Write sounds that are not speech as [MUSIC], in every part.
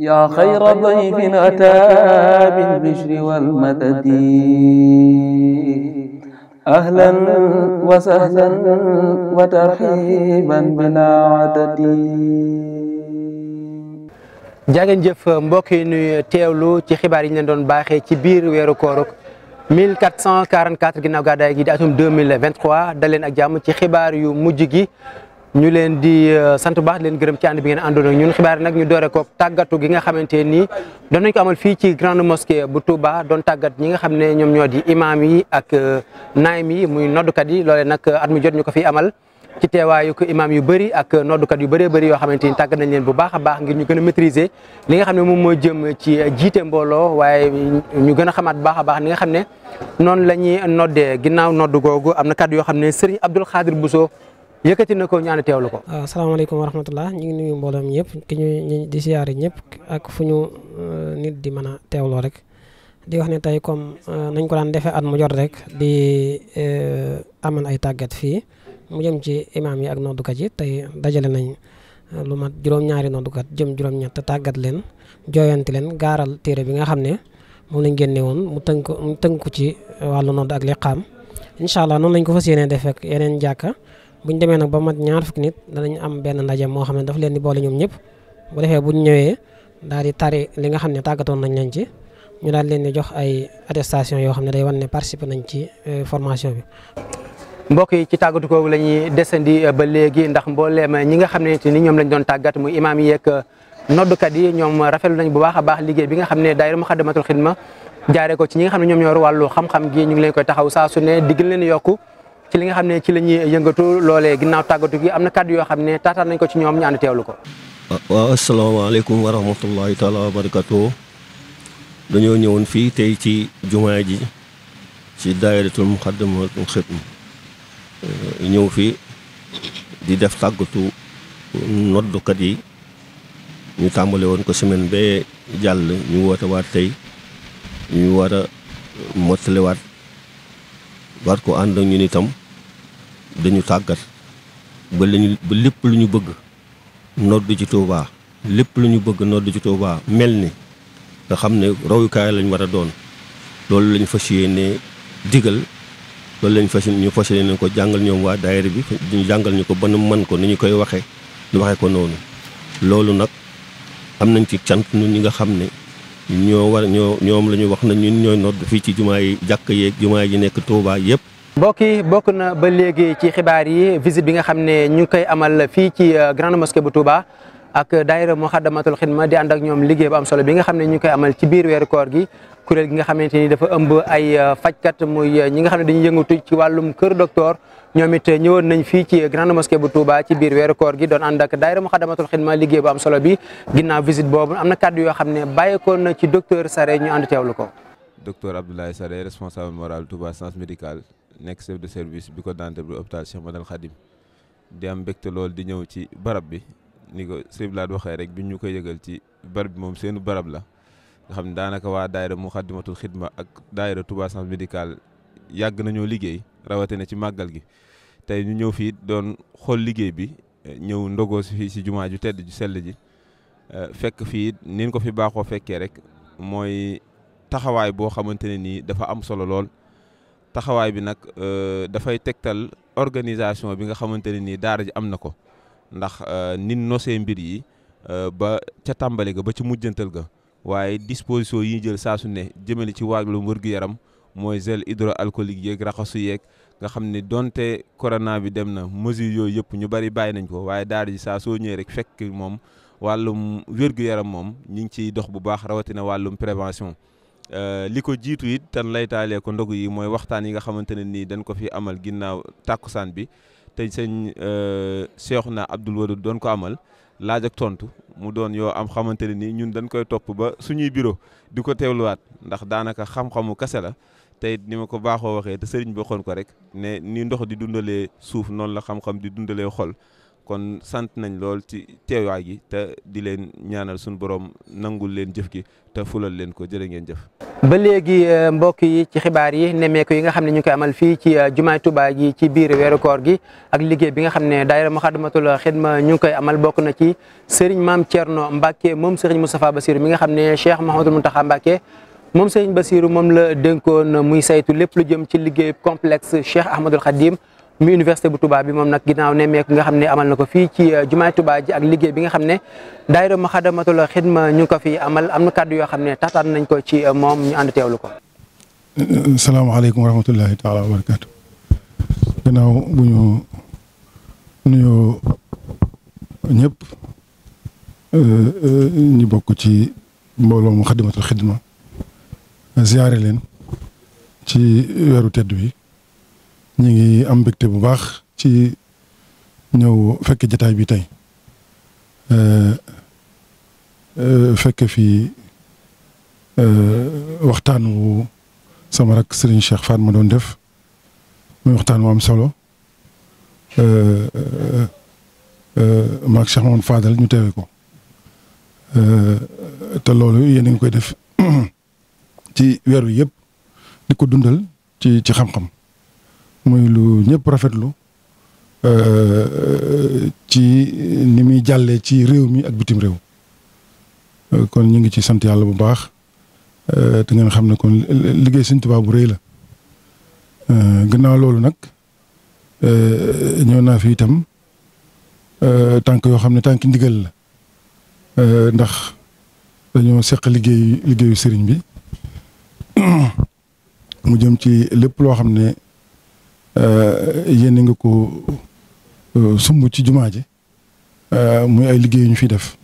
yaa xayra dayfin ataa bil bishri wal madadi ahlan wa sahlan wa tarxiiban bilaa adadi. jaa ngeen jëf mbokk yi nuy teewlu ci xibaar yi ñu leen doon baaxee ci biir weeru koor 1444 ginnaaw gàddaay gi di atum 2023 daleen ak jàmm ci xibaar yu mujj gi. ñu leen di euh, sant baax leen gërëm ci ànd bi ngeen àndoon ñu ñun xibaar nag ñu doore ko tàggatu gi nga xamante nii doon ko amal fii ci grande mosquée bu Touba doon tàggat ñi nga xam ne ñoom ñoo di imaam yi ak euh, naayim yi muy noddukat yi loole nag at mu jot ñu ko fi amal ci teewaayu ko imaam yu bari ak euh, noddukat yu bëree bëri yoo xamante ni tàggat nañ leen bu baax a baax ngir ñu gën a maîtriser li nga xam ne moom moo jëm ci jiite mbooloo waaye ñu gën a xamaat bu baax a baax li nga xam ne noonu la ñuy noddee ginnaaw noddu googu am na kaddu yoo xam ne Serigne Abdoul Khadir Bousso yëkkati na ko ñaani teewlu ko. waaw salaamaaleykum wa ñu ngi nuyu mbooloom ñëpp ki ñu ñu di siyaare ñëpp ak fu ñu euh, nit di mën a teewloo rek di wax ne tey comme euh, nañ ko daan defee at mu jot rek di euh, amal ay tàggat fii mu jëm ci imaam yi ak nooduka yi tey dajale nañ lu mat juróom-ñaari noddukat jëm juróom-ñett tàggat leen jooyanti leen gaaral téere bi nga xam ne moom lañ génne woon mu tënk mu ko ci wàllu nodd ak liqaam incha allah noon lañ ko fas yéenee defee yeneen jàkka. bu ñu demee nag ba mat ñaar fukki nit danañ am benn ndaje moo xam ne daf leen di boole ñoom ñëpp bu defee bu ñu ñëwee daal di tari li nga xam ne tàggatoon nañ leen ci ñu daal leen di jox ay attestation yoo xam ne day wan ne participer nañ ci euh, formation bi. mbokk yi ci tàggatu kooku la ñuy desandi euh, ba léegi ndax mbooleem ñi nga xam ne ni ñoom lañ doon tàggat muy imaam yeeg euh, noddukat yi ñoom rafetlu nañ bu baax a baax liggéey bi nga xam ne daayira Muxaddamatul Xidma jaare ko ci ñi nga xam ne ñoom ñoo wàllu xam-xam gi ñu ngi leen koy taxaw saa su ne digg leen yokku ci li nga xam ne ci la ñuy yëngatu loolee ginnaaw tàggatu gi am na kàddu yoo xam ne taataan nañ ko ci ñoom ñu ànd teewlu ko. Ah, waaw asalaamaaleykum wa rahmatullahi taala wa barakatu dañoo ñëwoon fii tey ci jumaa ji ci daayiratul muqaddamatul xidma eh, di def tàggatu noddukat yi ñu tàmbale woon ko semaine bee jàll ñu woote waat tey ñu war a mottaliwaat war ànd ñun itam dañu tàggat ba lañu lépp lu ñu bëgg nodd ci Touba lépp lu ñu bëgg nodd ci Touba mel ni nga xam ne rawukaay lañ war a doon loolu lañ fas yéene digal loolu lañ fas ñu fas yéene ko jàngal ñoom waa daayira bi jàngal ñu ko ba nu man ko ni ñu koy waxe ñu waxe ko noonu loolu nag am nañ ci cant ñun ñi nga xam ne ñoo war ñoo ñoom la ñu wax na ñun ñooy nodd fii ci jumaa yi jàkk yeeg jumaa yi nekk Touba yëpp mbokk yi bokk na ba léegi ci xibaar yi visite bi nga xam ne ñu ngi koy amal fii ci euh, grande mosquée bu Touba ak daayira Moukhaddamatoul Khidma di ànd ak ñoom liggéey bu am solo bi nga xam ne ñu koy amal ci biir weeru gi kuréel gi nga xamante ni dafa ëmb ay euh, fajkat muy euh, ñi nga xam ne dañuy yëngatu ci wàllum kër docteur ñoom it ñëwoon nañ fii ci grande mosquée bu Touba ci biir weeru koor gi doon ànd ak daayira Moukhaddamatoul Khidma liggéey bu am solo bi ginnaaw visite boobu am na kàddu yoo xam ne bàyyeekoon na ci docteur Sare ñu ànd teewlu ko. docteur Abdoulaye Sare responsable moral Touba science médicale nekk chef de service bi ko dante bi hôpital Cheikh Madal Khadim di am mbégte lool di ñëw ci barab bi ni ko sëriñ Laat waxee rek bi ñu ko yëgal ci barab bi moom seenu barab la nga xam ne daanaka waa daayira Muxaddamatul Xidma ak daayira Touba Centre Médical yàgg nañoo liggéey rawatina ci màggal gi tey ñu ñëw fii doon xool liggéey bi ñëw ndogoo si fii si jumaa ju tedd ju sell ji fekk fii nin ko fi baaxoo fekkee rek mooy taxawaay boo xamante ne nii dafa am solo lool taxawaay bi nag euh, dafay tegtal organisation bi nga xamante ne nii daara ji am na ko ndax euh, nit nose mbir yi euh, ba ca tàmbali ga ba ci mujjantal ga waaye disposition yi jël saa su ne jëmale ci wàllum wërgu-yaram mooy gel hydroalcoolique yeeg raxasu yeeg nga xam ne donte corona bi dem na mesure yooyu yëpp ñu bari bàyyi nañ ko waaye daara ji saa soo ñëwee rek fekk moom wàllum wérgu yaram moom ñu ngi ciy dox bu baax rawatina wàllum prévention Euh, li ko jiitu it tan lay taalee ko ndogu yi mooy waxtaan yi nga xamante ne nii dañ ko fi amal ginnaaw tàkkusaan bi te sëñ Cheikhouna euh, Abdoul Wadoud doon ko amal laaj ak tontu mu doon yoo am xamante ne nii ñun dañ koy topp ba suñuy biro di ko teewluwaat ndax daanaka xam-xamu kese la tey ni ma ko baaxoo waxee te sëriñ bi waxoon ko rek ne ni ndox di dundalee suuf noonu la xam-xam di dundalee xol. kon sant nañ lool ci teewaay gi te di leen ñaanal suñu borom nangul leen jëf gi te fulal leen ko jërë ngeen jëf. ba léegi eh, mbokk yi ci xibaar yi nemmeeku yi nga xam ne ñu koy amal fii ci eh, jumaay Tuubaa ji ci biir weeru koor gi ak liggéey bi nga xam ne daayira Muxaddamatul Xidma ñu ngi koy amal bokk na ci sëriñ maam Thierno Mbacke moom sëriñ Moustapha Bassirou mi nga xam ne Cheikh Mouhamadul Mountakha Mbacke moom sëriñ Bassirou moom la dénkoon muy saytu lépp lu jëm ci liggéey complexe Cheikh Ahmadul Khadim mi université bu tubaab bi moom nag ginnaaw nemmeeku nga xam ne amal na ko fii ci euh, jumaay Touba ak liggéey bi nga xam ne daayira Moukhaddamatoul Khidma ñu ngi ko fi amal am na kàddu yoo xam ne tataan nañ ko ci euh, moom ñu ànd teewlu ko. salaamaaleykum wa rahmatullahi taala bu ñu nuyoo euh, ci mbooloo Moukhaddamatoul Khidma ziyaare leen ci weeru tedd bi. ñu ngi am mbégte bu baax ci ñëw fekke jataay bi tey euh, euh, fekk fi euh, waxtaan wu sama rak Serigne Cheikh Fall ma doon def muy waxtaan wu am solo maag Cheikh Mamadou Fadal ñu teewe ko te loolu yéen a ngi koy def [CLEARS THROAT] ci weer wi yëpp di ko dundal ci ci xam-xam. muy lu ñëpp rafetlu euh, ci ni muy jàlle ci réew mi ak bitim réew euh, kon ñu ngi ci sant yàlla bu baax euh, te ngeen xam ne kon liggéey Sëñ bu rëy la gannaaw loolu nag ñëw naa fi itam tànk yoo xam ne tànk ndigal la ndax dañoo seq liggéey liggéeyu sëriñ bi [COUGHS] mu jëm ci lépp loo xam ne Euh, yéen nga ko euh, sumb ci jumaa ji euh, muy ay liggéey ñu fiy def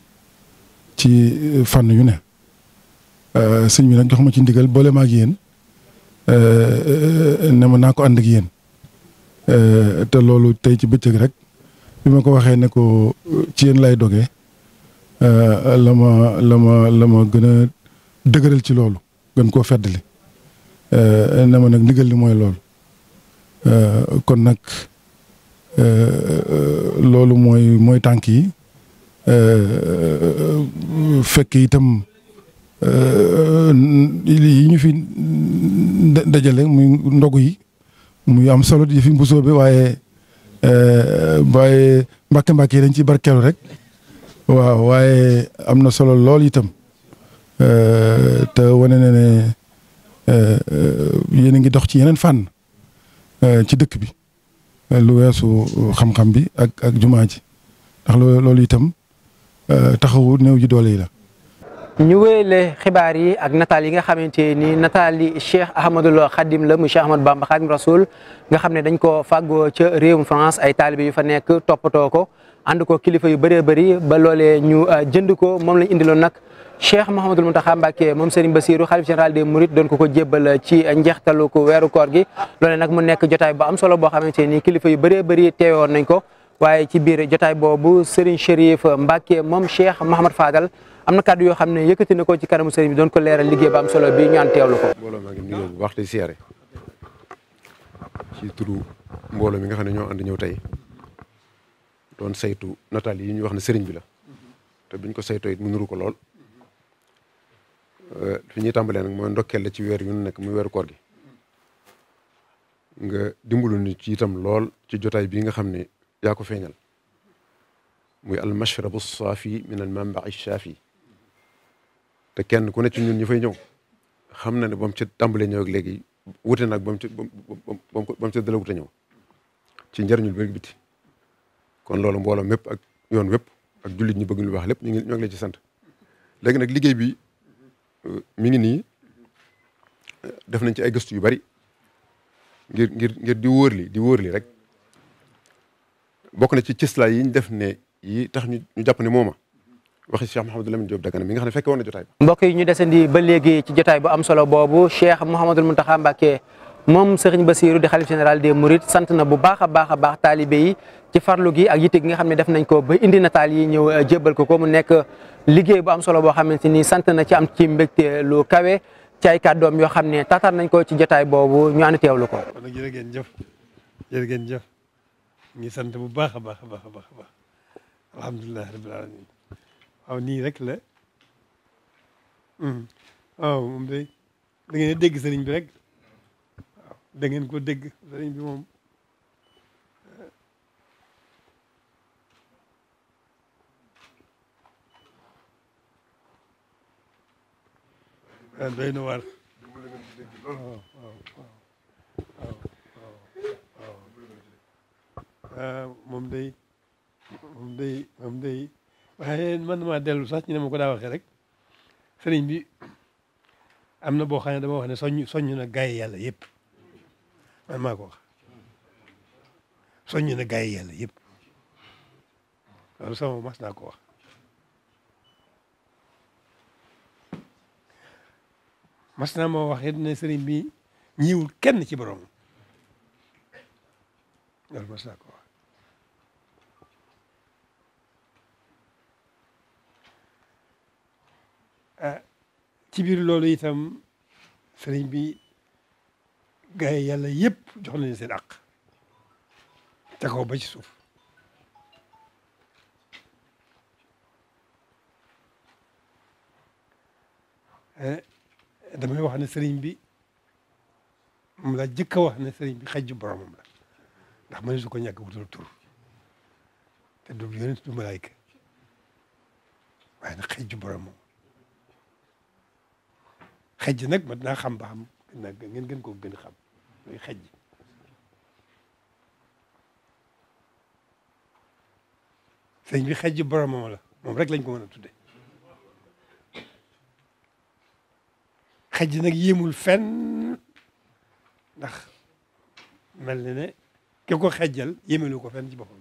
ci fànn yu ne sëñ bi nag jox ma ci ndigal boole ma ak yéen ne naa ko ànd ak yéen te loolu tey ci bëccëg rek bi ma ko waxee ne ko ci yéen lay doge la ma la ma la ma gën a dëgëral ci loolu gën koo feddali ne ma nag ndigal li mooy loolu Euh, kon nag euh, euh, loolu mooy mooy tànk yi fekk itam yi ñu fi dajale muy ndogu yi muy am solo di fi mbusoobe waaye waaye mbàkke mbàkke yi dañ ci barkeelu rek waaw waaye am na solo lool itam te wane na ne yéen a ngi dox ci yeneen fànn Euh, ci dëkk bi euh, lu weesu euh, xam-xam bi ak jumaa ji ndax loolu itam taxawu néew ji doole yi la. ñu wéyale xibaar yi ak nataal yi nga xamante ni nataal yi Cheikh Ahmadul la mu Cheikh Ahmad Bamba Khadim Rasoul nga xam ne dañ koo fàggoo ca réewum France ay taalibe yu fa nekk toppatoo ko ànd ko kilifa yu bëree bëri ba loolee ñu jënd ko moom lañ indiloon nag. cheikh Mouhamadul Mountakha Mbacké moom Serigne Bassirou xalif général des Mourides doon ko ko jébbal ci njeextalu ko weeru koor gi loole nag mu nekk jotaay bo am solo boo xamante ni kilifa yu bëree bëri teewoon nañ ko waaye ci biir jotaay boobu Serigne Chérif Mbacké moom cheikh Mouhamad Fadal am na kàddu yoo xam ne yëkkati na ko ci kanamu Serigne bi doon ko leeral liggéey bu bi ñaan teewlu ko. mbooloo maa ngi mi nga xam ne ñoo ànd ñëw tey doon nataal yi ñu wax ne bi la buñ ko saytoo it mu nuru ko lool fi ñuy tàmbalee nag mooy ndokkeel la ci weer yu nekk mu weeru koor gi nga dimbalu ni ci itam lool ci jotaay bi nga xam ne yaa ko feeñal muy al mashrabu saafi min al manbai shaafi te kenn ku ne ci ñun ñi fay ñëw xam na ne ba mu ca tàmbalee ñëw ak léegi wute nag ba ci ca ba mu ca dala ñëw ci njëriñul bi biti kon loolu mbooloo mépp ak yoon wépp ak jullit ñi bëgg lu wax lépp ñu ngi ñoo ngi ci sant nag liggéey bi mi ngi nii def nañ ci ay gëstu yu bari ngir ngir ngir di wóor li di wóor li rek bokk ci cislaa yi ñu def ne yi tax ñu ñu jàpp ne mooma waxi Cheikh Mouhamadou Lamine Diop Dagana mi nga xam ne fekke woon ba mbokk yi ñu desandi ba léegi ci jotaay bu am solo boobu Cheikh Mouhamadou Mountakha Mbacké moom Serigne Bassirou di xalif général des Mourides sant na bu baax a baax a baax taalibe yi ci farlu gi ak yitte gi nga xam ne def nañ ko ba indi nataal yi ñëw jébbal ko ko mu nekk liggéey bu am solo boo xamante ni sant na ci am ci mbégte lu kawe ci ay kàddoom yoo xam ne tataan nañ ko ci jotaay boobu ñu ànd teewlu ko. kon nag jërë ngeen jëf jërë ngi sant bu baax a baax a baax a baax alhamdulilah rabbil alamin waaw nii rek la hmm. waaw moom day da ngeen dégg bi rek waaw da ngeen ko dégg sëriñ bi moom. ah doy na waar. waaw waaw waaw waaw moom day moom day moom day waaye man maa dellu sax ñu ne ma ko daa waxee rek sëriñ bi am na boo xam ne dama wax ne soññ soññ na gaay yàlla yëpp man maa ko wax soññ na gaay yàlla naa ko mas na moo waxee ne sëriñ bi ñiwul kenn ci borom loolu mas ah, ci biir loolu itam sëriñ bi gars yi yàlla yëpp jox nañu seen àq te kaw ba ci suuf eh, damay wax ne sëriñ bi moom laa jëkk a wax ne sëriñ bi xajju boromam la ndax man su ko ñàkk wutul tur te du yonent du malaayka waaye nag xajju boromam xajj nag man naa xam ba xam nag ngeen gën ko gën xam luy xajj sëriñ bi xajju boromam la moom rek lañ ko mën a tudde xaj nag yéemul fenn ndax mel na ne ke ko xejjal yéemelu ko fenn ci boppam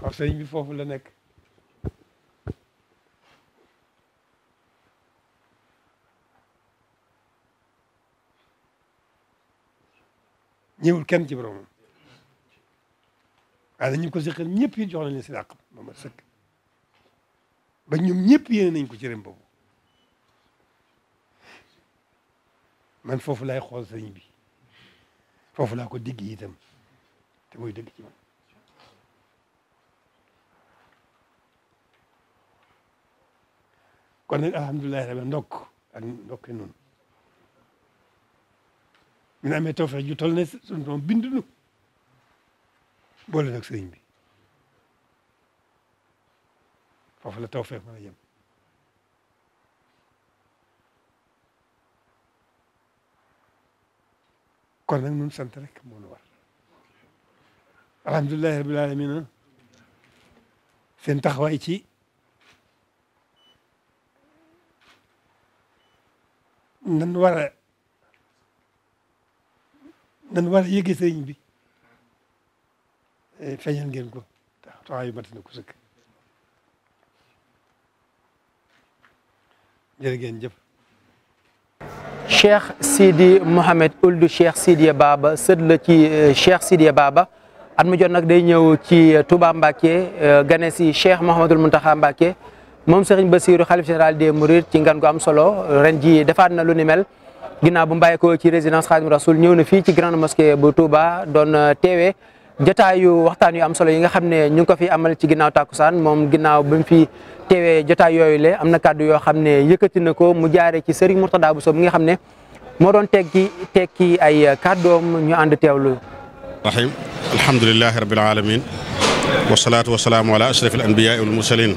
waaw sëriñ bi foofu la nekk ñëwul kenn ci boromam waaye dañu ko ñëpp yi jox nañ leen seen àq ma sëkk ba ñoom ñëpp yéene nañ ko ci rem man foofu laay xool sëñ bi foofu laa ko digg itam te muy dëgg ci man kon nag alhamdulilahi rabbi ndok ak ndokk noonu ñu amee tawfeex ju tol ne suñu doom bindu nu boole nag sëñ bi foofu la tawfeex mën a yem kon nag ñun sant rek moo nu war alhamdulilahi rabil alamina seen taxawaay ci nan war a nan war a yëge sëriñ bi eh, feeñal ngeen ko taxawaay yu mat na ko jërë ngeen jëf. cheikh Sidi Mohamed Ould cheikh Sidiya Baba sët ci euh, cheikh Sidiya Baba at mu nag day ñëw ci euh, Touba Mbacké euh, gane si cheikh Mouhamadul Mountakha Mbacké moom Serigne Bassirou xalif général des Mourides ci ngan am solo ren ji defaat na lu ni mel bu mu bàyyeekoo ci résidence Khadim Rasoul ñëw na fii ci grande mosquée bu Touba doon teewee. jotaayu waxtaan yu am solo yi nga xam ne ñu ngi ko fi amal ci ginnaaw tàkkusaan moom ginnaaw ba mu fi teewee jotaay yooyu le am na kàddu yoo xam ne yëkkati na ko mu jaare ci Serigne Mourtada Bousso mi nga xam ne moo doon tekki tekki ay kàddoom ñu ànd teewlu rahim alhamdulilahi rabbil alamin wasalaatu wasalaamu ala ashraf al anbiya wal mursalin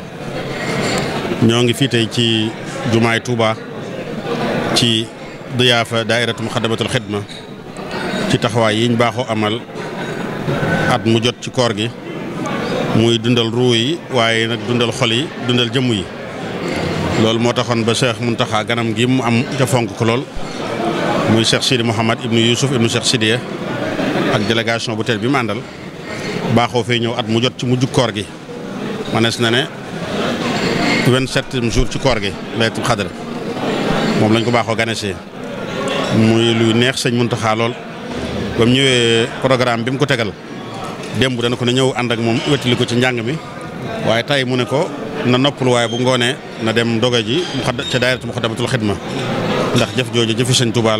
ñoo ngi fi tey ci jumaay tuuba ci diyaafa daairatu muxadamatul xidma ci taxawaay yiñ baaxoo amal at mu jot ci koor gi muy dundal ruu yi waaye nag dundal xol yi dundal jëmm yi loolu moo taxoon ba Cheikh Muntaxa ganam gi mu am ca fonk ko lool muy Cheikh Sidi Mouhamad ibnu Youssouf ibnu Cheikh Sidiya ak délégation bu teel bi màndal baaxoo fee ñëw at mu jot ci mujj koor gi manees na ne vingt-septième jour ci koor gi laylatul xadr moom lañ ko baaxoo ganesee muy luy neex sëñ Muntaxa lool ba mu ñëwee programme bi mu ko tegal démb dana ko ne ñëw ànd ak moom wettali ko ci njàng mi waaye tay mu ne ko na noppal waaye bu ngoonee na dem doge ji mu xad ca daayira mu xaddamatul xidma ndax jëf jooju jëfi sëñ Tuubaa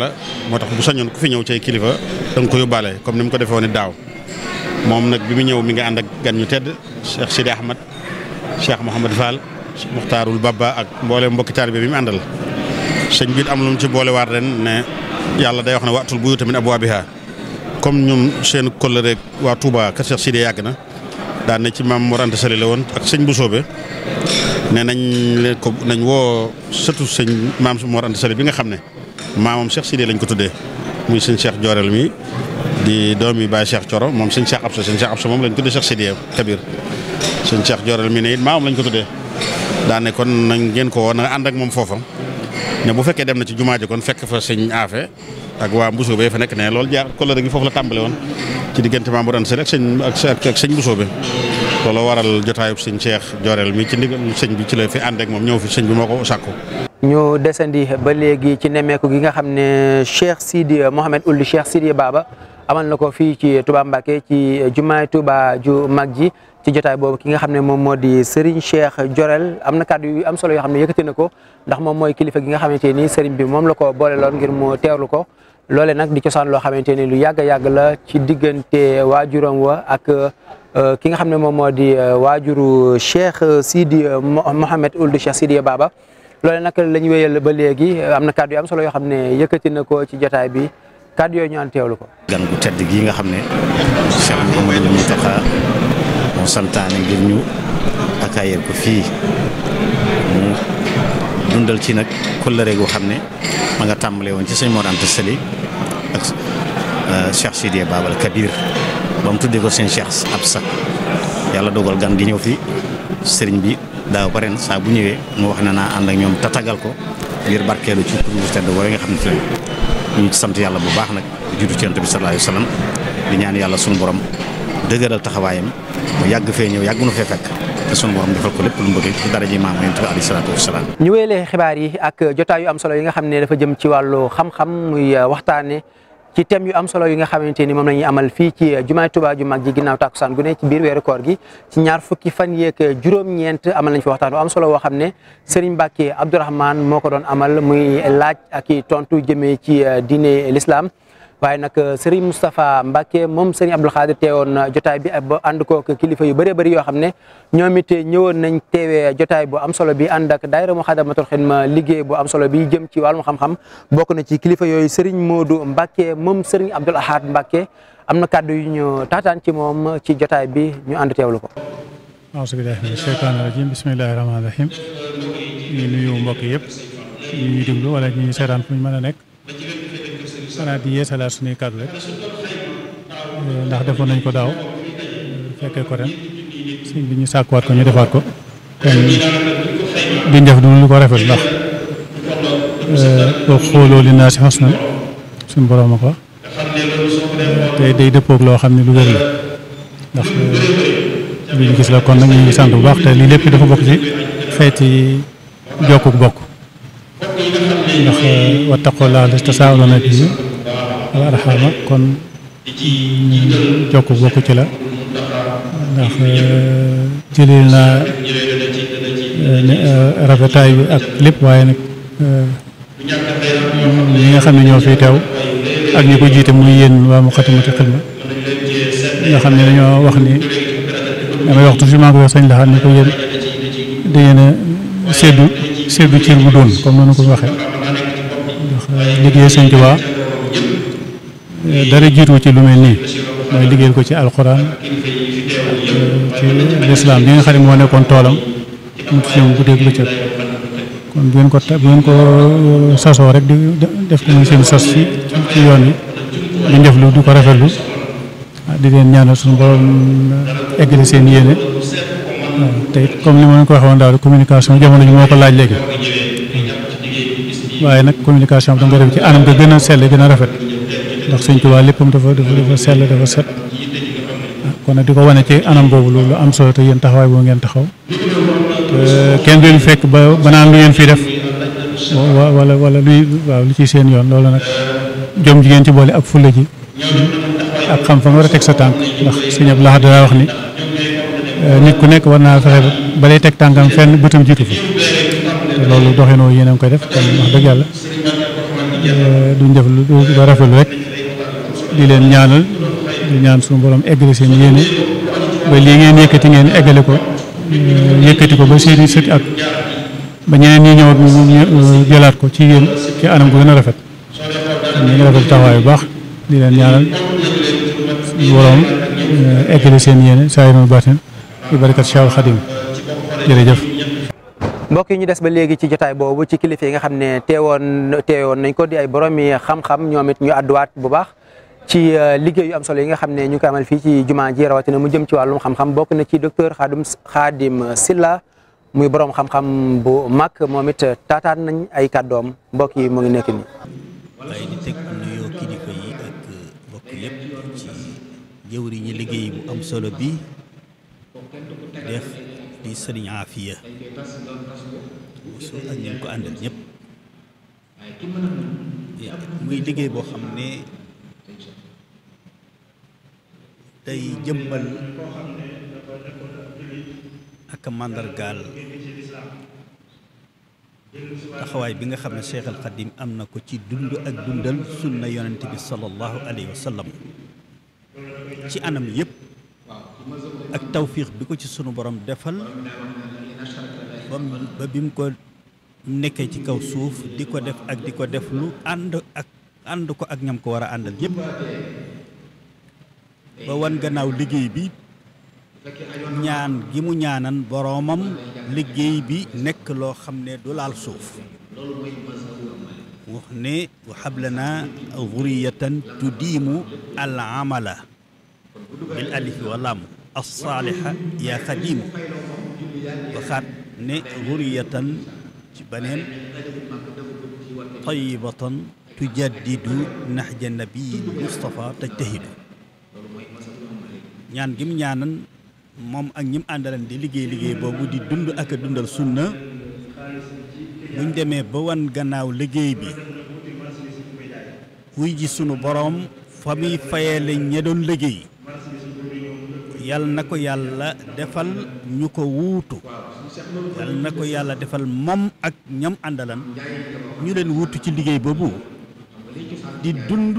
moo tax bu sañoon ku fi ñëw cay kilifa da nga ko comme ni mu ko defee daaw moom nag bi mu ñëw mi ngi ànd ak gan ñu tedd Cheikh Sidi Ahmad Cheikh Mouhamad Fall Muxtaarul Baba ak mboolem mbokki taalibe bi mu àndal sëñ bi am lu mu ci boolewaat ren ne yàlla day wax ne waatul buyuuta min abwaabihaa comme ñoom seen kóllëre waa Touba kër Cheikh Sidi yàgg na daan na ci maam Mor Anta Sali la woon ak sëñ bu soobe ne nañ leen ko nañ woo surtout sëñ maam Mor Anta Sali bi nga xam ne maamam Cheikh Sidi lañ ko tuddee muy sëñ Cheikh Jooreel mi di doom yi Baye Cheikh moom sëñ Cheikh Absa sëñ Cheikh Absa moom lañ tuddee Cheikh Sidi Kabir sëñ Cheikh Jooreel mi ne it maamam lañ ko tuddee daan ne kon ngeen ko woo na ànd ak moom foofa ne bu fekkee dem na ci jumaa ji kon fekk fa sëñ Afe ak waa Mbusoo bi fa nekk ne loolu jaar kóllëre gi foofu la tàmbale woon ci diggante Maam Mor Anta Sali ak sëñ ak ak sëñ waral jotaayub sëñ Cheikh Joreel mi ci ndigal sëñ bi ci la fi ànd ak moom ñëw fi sëñ bi moo ko sàkku ñu desandi ba léegi ci nemmeeku gi nga xam ne Cheikh Sidi Mohamed Ould Cheikh Sidi Baba amal na ko fii ci Touba Mbacké ci jumaay Touba ju mag ji ci jotaay boobu ki nga xam ne moom moo di Serigne Cheikh Joreel am na kàddu yu am solo yoo xam ne yëkkati ko ndax moom mooy kilifa gi nga ne ni Serigne bi moom la ko booleloon ngir mu teewlu ko loole nag di cosaan loo xamante ni lu yàgg a yàgg la ci diggante waajuram wa ak euh, ki nga xam ne moom moo di euh, waajuru Cheikh euh, Sidi Mohamed Ould Cheikh Sidi Baba loole nag la ñu ba léegi am na kàddu yu am solo yoo xam ne yëkkati na ko ci jotaay bi kàddu yooyu ñu an ko. gan gu tedd gii nga xam ne santaane ngir ñu accueillir ko fii. dundal ci nag kóllëre goo xam ne ma nga tàmbalee woon ci moo Mor Anta Sali ak euh, Cheikh Sidie Babal Kabir ba mu tuddee ko seen Cheikh Absa yàlla dogal gan gi ñëw fi sëriñ bi daaw ba ren saa bu ñëwee mu wax ne naa ànd ak ñoom tatagal ko ngir barkeelu ci tur bu tedd wala nga xam ne fi ñu sant yàlla bu baax nag di juddu ci Yonent bi sallallahu alayhi wa sallam ñaan yàlla sunu borom dëgëral taxawaayam mu yàgg fee ñëw yàgg nu fee fekk. te sunu borom defal ko lépp lu mu bëgg ci dara ji maam yonent bi alayhi salaatu wasalaam ñu wéyalee xibaar yi ak jotaay yu am solo yi nga xam ne dafa jëm ci wàllu xam-xam muy euh, waxtaane ci thème yu am solo yi nga xamante ni moom la ñuy amal fii ci euh, jumaay Tuubaa ju mag ji ginnaaw tàkkusaan gu ne ci biir weeru koor gi ci ñaar fukki fan yeeg euh, juróom-ñeent amal nañ fi waxtaan bu am solo woo xam ne Serigne Mbacke Abdourahmane moo ko doon amal muy laaj ak i tontu jëmee ci diine l'islam waaye nag euh, Serigne Moustapha Mbacke moom Serigne Abdou Khadir teewoon euh, jotaay bi ba ànd kook kilifa yu bëree bari yoo xam ne ñoom it ñëwoon nañ teewee jotaay bu am solo bi ànd ak daayira Moukhaddamatoul Khidma liggéey bu am solo bi jëm ci wàllum xam-xam bokk na ci kilifa yooyu seriñ Modou Mbacke moom Serigne Abdoul Ahad Mbacke am na kàddu yu ñu taataan ci moom ci jotaay bi ñu ànd teewlu ko. auzu billaahi mina nekk. xanaa di yeesalaat suñuy kàddu ndax defoon nañ ko daaw fekkee ko ren sëñ bi ñu sàkkuwaat ko ñu defaat ko kon di def du lu ko rafet ndax boo xooloo li naa si xas na suñu borom ko te day dëppoog loo xam ne lu wér la ndax li ñu gis la kon nag ñu sant bu baax te lii lépp dafa bokk ci xeeti jokkuk bokk ndax wattaqoo laa les tasaalu na bi al arxama kon jokk bokk ci la ndax euh, jëlee naa euh, euh, rafetaay bi ak lépp waaye nag ñi nga xam ne ñoo fi teew ak ñi ko jiite muy yéen waa Muqaddamatul Xidma nga xam ne dañoo wax ni damay wax toujours maa ngi wax sëñ Laxaat ko yéen dangeen a seddu seddu cër bu doon comme noonu ko waxee ndax liggéey sëñ Tuubaa dara jiitu ci lu mel nii mooy liggéeyal ko ci alxuraan ci lislaam bi nga xam ne moo nekkoon toolam mu ci ñoom bu bëccëg kon bu ngeen ko bu ngeen ko sasoo rek di def ko muy seen sas ci ci yoon yi di def lu di ko rafetlu ah, di suñu borom eggale seen yéene ah, te comme ni ma leen ko waxoon daal communication jamono ji moo ko laaj léegi ah, waaye nag communication bi da def ci anam ga gën a sell gën a rafet. ndax sëñ Tuubaa léppam dafa dafa dafa sell dafa set kon nag di ko wane ci anam boobu loolu am solo te yéen taxawaay boo ngeen taxaw te kenn du leen fekk ba ba naan lu ngeen fii def wala wala luy lu ci seen yoon loolu nag jom jigéen ci boole ak fulla ji teg sa tànk ndax sëñ Abdou Lahad daa eh, ku nekk war naa fexe ba lay teg tànkam fenn bëtam jiitu fi te loolu doxinoo yéen a ngi koy def kon wax dëgg yàlla eh, duñ def lu rafetlu rek. di leen ñaanal di ñaan suñu borom eggale seen yéene ba lii ngeen yëkkati ngeen eggale ko yëkkati ko ba seeni sët ak ba ñeneen ñi ñëw ñu euh, jëlaat ko ci yéen ci anam gu gën a rafet ñu ngi di leen ñaanal suñu borom euh, eggale seen yéene saa yéen baatin bi barakat Cheikhul Khadim jërëjëf mbokk ba léegi ci jotaay boobu ci kilifa yi nga xam ne teewoon teewoon nañ ko di ay boromi xam-xam ñoom it ñu àdduwaat bu baax ci euh, liggéey yu am solo yi nga xam ne ñu ngi koy fii ci jumaa ji rawatina mu jëm ci wàllum xam-xam bokk na ci docteur Xaadim Xaadim Silla muy boroom xam-xam bu mag moomit it taataan ay kàddoom mbokk yi mu ngi nekk nii. waaye bi def di muy liggéey boo xam ne. day jëmmal ak màndargaal taxawaay bi nga xam ne Cheikh al am na ko ci dund ak dundal sunna yonent bi sallallahu alayhi wa ci anam yépp ak tawfiix bi ko ci sunu borom defal ba bi mu ko nekkee ci kaw suuf di ko def ak di ko def lu ànd ak ànd ko ak ñam ko war a àndal yépp ba wan gannaaw liggéey bi ñaan gi mu ñaanan boroomam liggéey bi nekk loo xam ne du laal suuf wax ne wa hablana zurriyatan tudiimu al amala bil alifi wa lam alsaaliha yaa xadiimu waxaat ne zurriyatan ci beneen tayibatan tujaddidu naxja nabiyi mustafa tajtahidu ñaan gim ñaanan moom ak ñim àndalan di liggéey liggéey boobu di dund ak a dundal sunna buñ demee ba wan gannaaw liggéey bi wuy ji sunu boroom fa muy fayee la doon liggéey yal na ko yàlla defal ñu ko wuutu yal na ko yàlla defal moom ak ñam àndalan ñu leen wuutu ci liggéey boobu di dund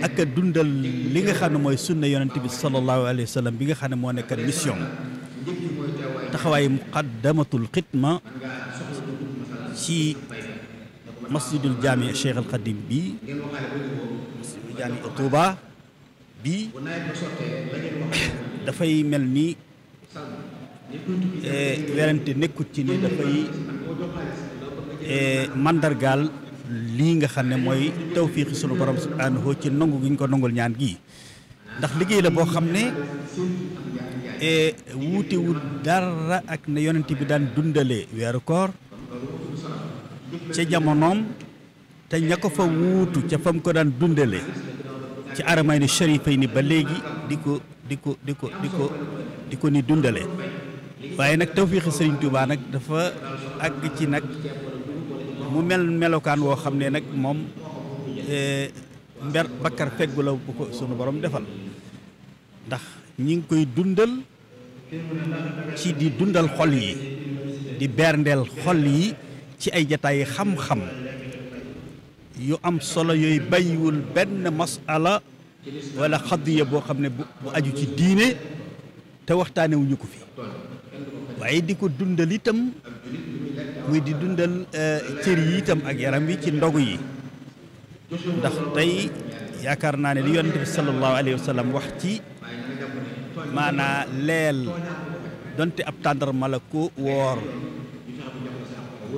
ak dundal li nga xam ne mooy sunna yonent bi sallallahu alayhi wa bi nga xam ne moo nekk mission taxawaay muqaddamatul xidma ci masjidul jaami Cheikh al Xadim bi [COUGHS] dafay mel ni eh, werante nekkut ci ni dafay eh, mandargaal lii nga xam ne mooy tawfiixi sunu borom subhaanahu ci nangu gi ñu ko nangul ñaan gii ndax liggéey la boo xam ne e, wuutewul dara ak ne yonent bi daan dundalee weeru koor ca jamonoom te ña ko fa wuutu ca fam ko daan dundalee ci aramay ni sharifay ni ba léegi di ko di ko di ko di ko di ko ni dundalee waaye nag tawfiixi sëriñ Tuubaa nag dafa àgg ci nag mu mel melokaan woo xam ne nag moom eh, mber bakkar feggu la bu ko sunu borom defal ndax ñi ngi koy dundal ci di dundal xol yi di berndeel xol yi ci ay jataay xam-xam yu am solo yooyu bàyyiwul benn masala wala xadiya boo xam ne bu aju ci diine te waxtaanewuñu ko fi waaye di ko dundal itam muy di dundal eh, cër yi itam ak yaram wi ci ndogu yi ndax tey yaakaar naa ne li yonent bi sallallahu alayhi wa wax ci maanaa leel donte ab tàndarma la ko woor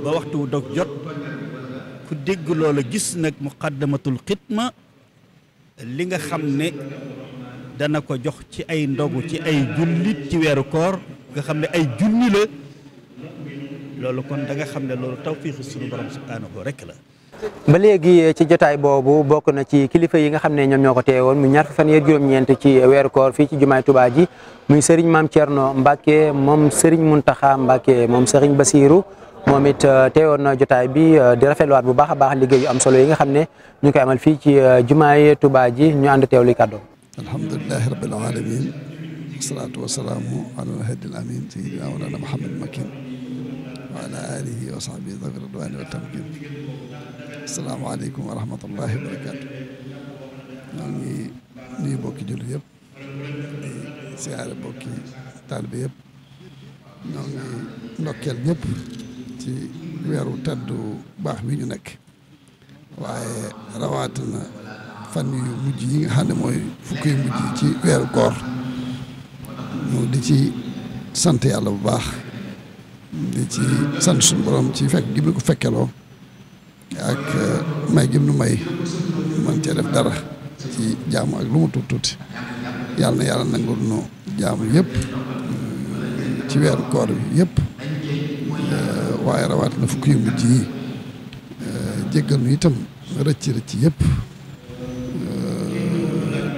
ba waxtu dog jot ku dégg loola gis nag muqaddamatul xidma li nga xam ne dana ko jox ci ay ndogu ci ay jullit ci weeru koor nga xam ne ay junni la loolu kon da nga xam ne loolu tawfiixu rek la. ba léegi ci jotaay boobu bokk na ci kilifa yi nga xam ne ñoom ñoo ko teewoon mu ñaar fan yéen juróom-ñeent ci weeru koor fii ci jumaay Tuubaa ji muy sëriñ maam Thierno Mbacke moom sëriñ Muntaxa Mbacke moom sëriñ Basiiru moom it euh, teewoon na jotaay bi euh, di rafetluwaat bu baax a baax liggéey yu am solo yi nga xam ne ñu koy amal fii ci euh, jumaay Tuubaa ji ñu ànd teewlu kàddu. alhamdulilah rabbil wa ala alihi wa sahbihi dafi ridwani wa tamkin asalaamaaleykum wa rahmatullahi wa barakatu ñoo ngi bokki jullit yëpp di siyaare bokki taalibe yëpp ñoo ngi ndokkeel ñëpp ci weeru teddu baax wi ñu nekk waaye rawatina fan yu mujj yi nga xam ne mooy fukki mujj ci weeru koor ñu di ci sant yàlla bu baax di ci sant suñu borom ci fekk gi mu ko fekkeloo ak uh, may gi nu may man cee def dara ci jaamu ak lu mu tuuti tuuti yàlla na yàlla nangul nu jaamu yëpp uh, ci weeru koor bi yëpp uh, waaye rawaat na fukki yu yi jéggal nu itam rëcc rëcc yépp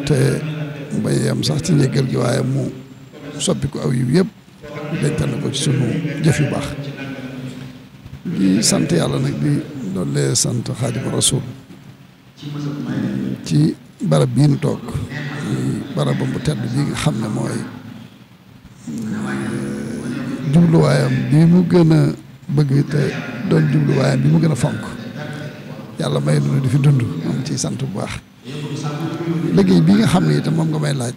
te mbayam sax ci njéggal gi waaye mu soppi ko aw yiw yëpp dencal na ko ci sunu jëf yu baax di sant yàlla nag di doole sant xaadimu rasul ci barab bii nu toog barabam bu tedd bi nga xam ne mooy eh, jubluwaayam bi mu gën a bëgg te doon jubluwaayam bi mu gën a fonk yàlla may nu di fi dund moom ciy sant bu baax liggéey bi nga xam ne itam moom nga may laaj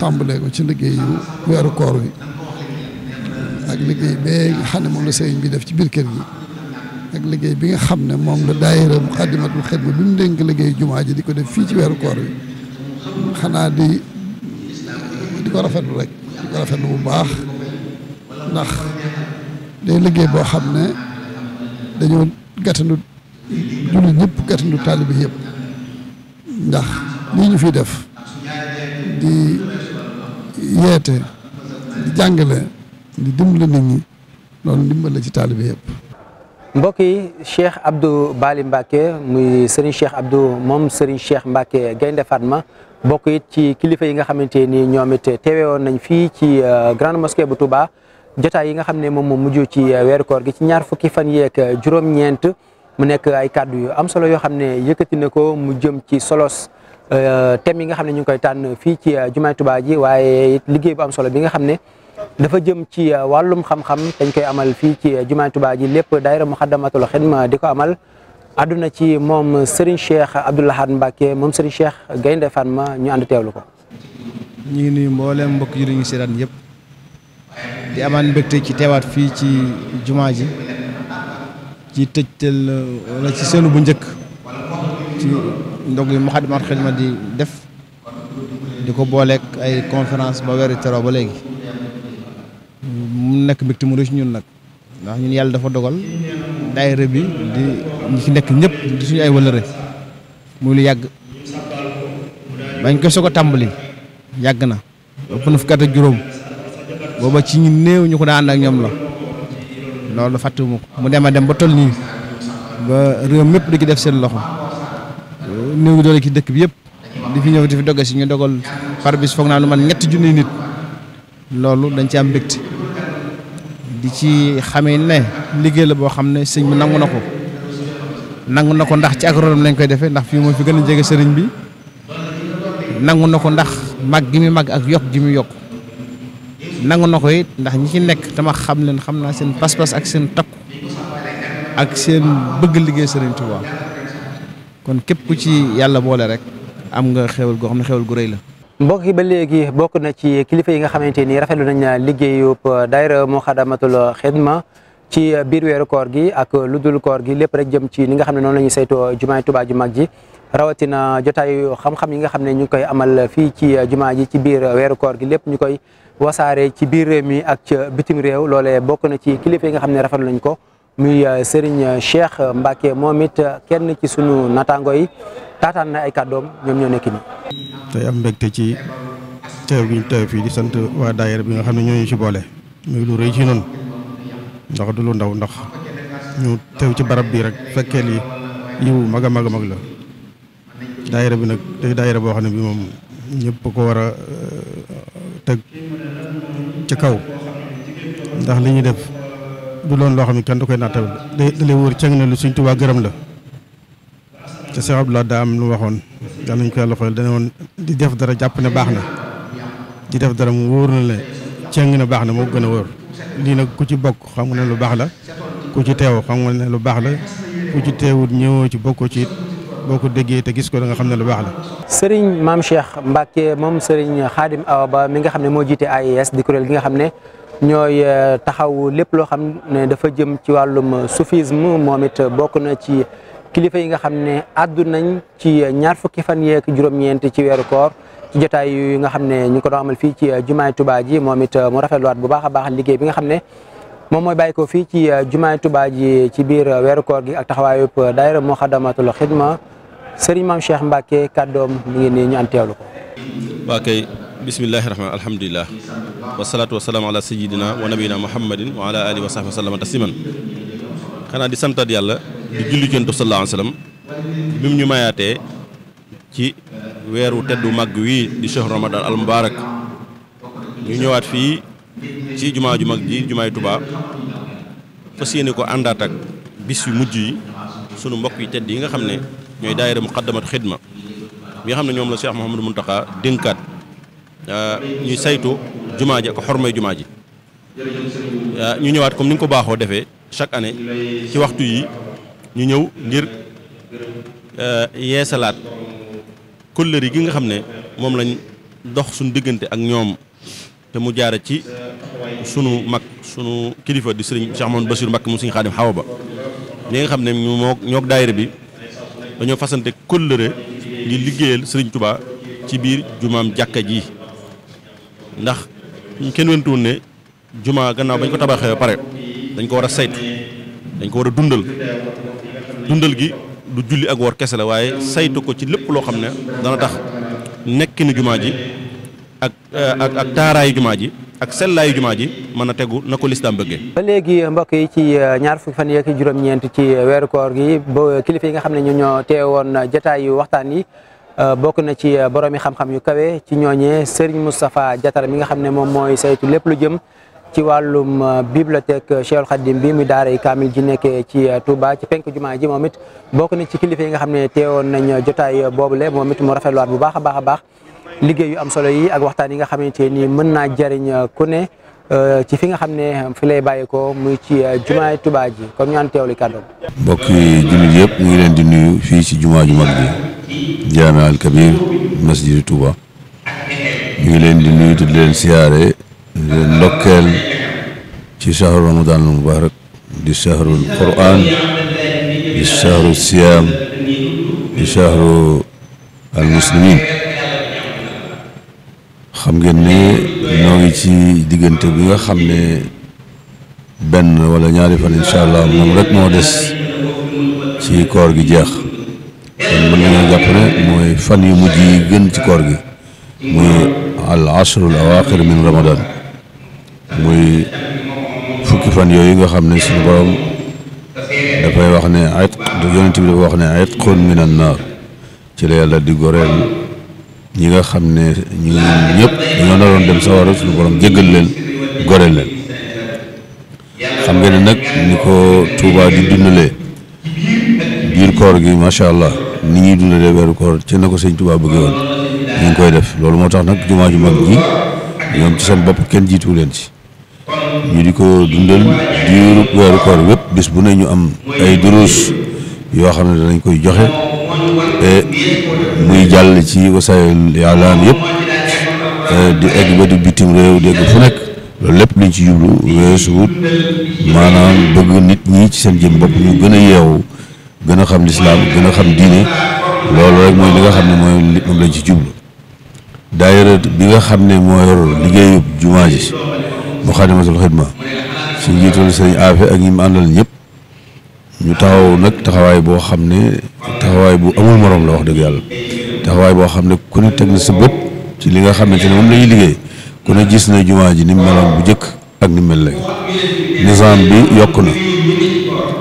tàmbalee ko ci liggéeyu weeru koor wi ak liggéey bee nga xam ne moom la sëriñ bi def ci biir kër gi ak liggéey bi nga xam ne moom la daayira Muxaddamatul Xidma bi mu dénk liggéey jumaa ji di ko def fii ci weeru koor wi xanaa di di ko rafetlu rek di ko rafetlu bu baax ndax day liggéey boo xam ne dañoo gàttandu jullit ñëpp gàttandu taalibe yépp ndax lii ñu fiy def di yeete di jàngale di dimbale nit ñi loolu dimbal la ci taalibe yëpp. mbokk yi Cheikh Abdou Bali Mbacke muy Serigne Cheikh Abdou moom Serigne Cheikh Mbacke Gaynde Fatma bokk it ci kilifa yi nga xamante ni ñoom it teewe woon nañ fii ci euh, grande mosquée bu Touba jotaay yi nga xam ne moom moo mujj ci euh, weeru koor gi ci ñaar fukki fan yeeg euh, juróom-ñeent mu nekk ay kàddu yu am solo yoo xam ne yëkkati na ko mu jëm ci solos. Euh, thèmes yi nga xam ne ñu ngi koy tànn fii ci euh, jumaay Tuubaa ji waaye liggéey bu am solo bi nga xam ne dafa jëm ci euh, wàllum xam-xam dañ koy amal fii ci jumaay Tuubaa ji lépp daayira Muxaddamatul Xidma di ko amal àdduna ci moom Serigne Cheikh Abdoul Ahad Mbacké moom Serigne Cheikh Gaynde ñu ànd teewlu ko. ñu ngi nuyu mbokk yi ñu seetaan ci teewaat fii ci jumaa ji ci wala ci seenu bu njëkk. ci ndog yi Moukhaddamatoul ma di def di ko booleeg ay conférence ba weeru teroo ba léegi mu nekk mbégte mu rëcc ñun nag ndax ñun yàlla dafa dogal daayira bi di ñi ci nekk ñëpp di suñu ay wëlëre muy lu yàgg bañ ko soog a tàmbali yàgg na ëpp na fukki at ak juróom booba ci ñu néew ñu ko daan ànd ak ñoom la loolu fàttewuma ko mu dem a dem ba toll nii ba réew mépp di ci def seen loxo néew doole ci dëkk bi yëpp di fi ñëw di fi doge si ñu dogal par bis foog naa lu man ñetti junni nit loolu dañ ci am mbégte di ci xamee ne liggéey la boo xam ne sëñ bi nangu na ko nangu na ko ndax ci ak koy defee ndax fii moo fi gën a jege sëriñ bi nangu na ko ndax mag gi muy mag ak yokk gi mu yokk nangu na ko it ndax ñi ci nekk dama xam leen xam naa seen pas-pas ak seen takku ak seen bëgg liggéey sëriñ Tuubaa kon képp ku ci yàlla boole rek am nga xewal goo xam gu rëy la. mbokk yi ba léegi bokk na ci kilifa yi nga xamante ni rafetlu nañ liggéeyub euh, daayira Moukhaddamatoul Khidma ci biir weeru koor gi ak lu dul koor gi lépp rek jëm ci ni nga xam ne noonu la ñuy saytoo jumaay Tuubaa ju mag ji rawatina jotaayu xam-xam yi nga xam ne ñu ngi koy amal fii ci jumaa ji ci biir weeru koor gi lépp ñu koy wasaare ci biir réew mi ak ca bitim réew loolee bokk na ci kilifa yi nga xam ne rafetlu nañ ko. muy euh, Serigne euh, Cheikh euh, Mbacke moom it kenn ci sunu natango yi taataan na ay kàddoom ñoom ñoo nekk nii. tey am mbégte ci teew bi ñu teew fii di sant waa daayira bi nga xam ne ñooñu ci boole muy lu rëy ci noonu ndax du lu ndaw ndax ñu teew ci barab bi rek fekkee lii yiwu mag a mag mag la daayira bi nag tey daayira boo xam ne bi moom ñëpp ko war a teg ci kaw ndax li ñuy def. du loon loo xam ne kenn du koy naatable day dalay wóor ceng ne lu suñ tubaa gërëm la te Cheikh Abdoulaye daa am lu waxoon yàlla nañ ko yàlla fayal dana woon di def dara jàpp ne baax na di def dara mu wóor na ne ceng ne baax na moo gën a wóor lii nag ku ci bokk xam nga ne lu baax la ku ci teew xam nga ne lu baax la ku ci teewut ñëwoo ci bokkoo ci boo ko déggee te gis ko da nga xam ne lu baax la. Serigne maam Cheikh Mbacke moom Serigne Khadim Awa Ba mi nga xam ne moo jiite AIS di nga xam ne. ñooy euh, taxaw lépp loo xam ne dafa jëm ci wàllum euh, soufisme moom it euh, bokk na ci kilifa yi nga xam ne àddu nañ ci ñaar fukki fan yeek juróom-ñeent ci weeru koor ci jotaay nga xam ne ñu ko doon amal fii ci jumaay Tuubaa ji moom it mu rafetluwaat bu baax a baax liggéey bi nga xam ne moom mooy bàyyi ko fii ci jumaay Tuubaa ji ci biir weeru koor gi ak taxawaayub daayira Moukhaddamatoul Khidma sëriñ maam Cheikh Mbacke kàddoom mi ngi nii ñu am teewlu ko. bismillahi rahmaan alhamdulilah wasalaatu wasalaam ala sayidina wa nabiyina muhammadin wa ala alihi wa sahbi wa sallama tasliman xanaa di santaat yàlla di julli jontu sallallahu bi mu ñu mayaatee ci weeru teddu màgg wii di shahru ramadan al mubarak ñu ñëwaat fii ci jumaa ju mag ji jumaay Tuubaa fas yéene ko àndaat ak bis yu mujj yi sunu mbokk yi tedd yi nga xam ne ñooy daayira muqaddamatu xidma bi xam ne ñoom la Cheikh Mouhamadou Mountakha dénkaat ñuy saytu jumaa ji ak xormay jumaa ji euh, ñu ñëwaat comme ni nga ko baaxoo defee chaque année ci waxtu yi ñu ñëw ngir euh, yeesalaat kóllëre gi nga xam ne moom lañ dox suñu diggante ak ñoom te mu jaare ci sunu mag sunu kilifa di sëriñ Cheikh Mamadou Bassirou Mbacké mu sëriñ Xaadim Awa Ba ñi nga xam ne ñu moo ñoog daayira bi dañoo fasante kóllëre ngir liggéeyal sëriñ Touba ci biir jumaam jàkka ji ndax kenn wentuwul ne juma gannaaw bañ ko tabaxee ba pare dañ ko war a saytu dañ ko war a dundal dundal gi du julli ak woor kese la waaye saytu ko ci lépp loo xam ne dana tax nekkinu jumaa ji ak eh, ak ak taaraayu jumaa ji ak sellaayu jumaa ji mën a tegu na ko lislaam bëggee ba léegi mbokk yi ci eh, ñaar fukki fan yeeg juróom-ñeent ci eh, weeru koor gi ba kilifa yi nga xam ne ñu ñoo teewoon jataayu waxtaan yi Euh, bokk na ci euh, boromi xam-xam yu kawe ci ñooñee Serigne Moustapha jatar mi nga xam ne moom mooy saytu lépp lu jëm ci wàllum euh, bibliothèque Cheikhul Khadim bi muy daaray kaamil ji nekkee ci Touba ci penk jumaa ji moom it bokk na ci kilifa yi nga xam ne te woon nañ jotaay boobule moom it mu rafetluwaat bu baax a baax a baax liggéeyu am solo yi ak waxtaan yi nga xamante ni mën naa jariñ ku ne Euh, ci fi nga xam ne fi lay bàyyeekoo muy ci euh, jumaay Tuubaa ji comme ñu an teewli kàddoom. mbokk yi jullit yëpp mu ngi leen di nuyu fii ci jumaa ju mag ji Jaana al Kabir mu ngi leen di nuyu te di leen siyaare di leen ndokkeel ci shahru ramadaanul mubaarak di shahru Qur'aan di shahru siyaam di shahru al muslimin xam ngeen ne ñoo ngi ci diggante bi nga xam ne benn wala ñaari fan incha moom rek moo des ci koor gi jeex kon mën nañoo jàpp ne mooy fan yu mujj yi gën ci koor gi muy al ashrul awaaxir min ramadan muy fukki fan yooyu nga xam ne suñu borom dafay wax ne ayt yonent bi dafa wax ne aytqun min an naar ci la yàlla di goreel ñi nga xam ne ñu ñëpp dañoo naroon dem sawara suñu borom jéggal leen gore leen xam nga ne nag ni ko Touba di dundalee biir koor gi macha allah ni ñuy dundalee weeru koor ci na ko sëñ Touba bëggee woon ñu koy def loolu moo tax nag jumaa ju mag ji ñoom ci seen bopp kenn jiitu leen ci ñu di ko dundal diiru weeru koor wépp bis bu ne ñu am ay duruus yoo xam ne danañ koy joxe. Eh, muy jàll ci Wassare Lamb yëpp eh, di egg ba di bitim réew di egg fu nekk loolu lépp luñ ci jublu weesu wut maanaam bëgg nit ñi ci seen jëm bopp ñu gën a yeewu gën a xam lislaam gën a xam diine loolu rek mooy li nga xam ne mooy moom lañ ci jublu daayira bi nga xam ne moo yor jumaa ji Muxaddamatul Xidma ci njiital sëriñ Afe ak ñi mu àndal ñu taxaw nag taxawaay boo xam ne taxawaay bu amul morom la wax dëgg yàlla taxawaay boo xam ne ku ne teg na sa bopp ci li nga xamante ne moom la ñuy liggéey ku ne gis na jumaa ji ni mu meloon bu njëkk ak ni mu mel léegi nizaam bi yokku na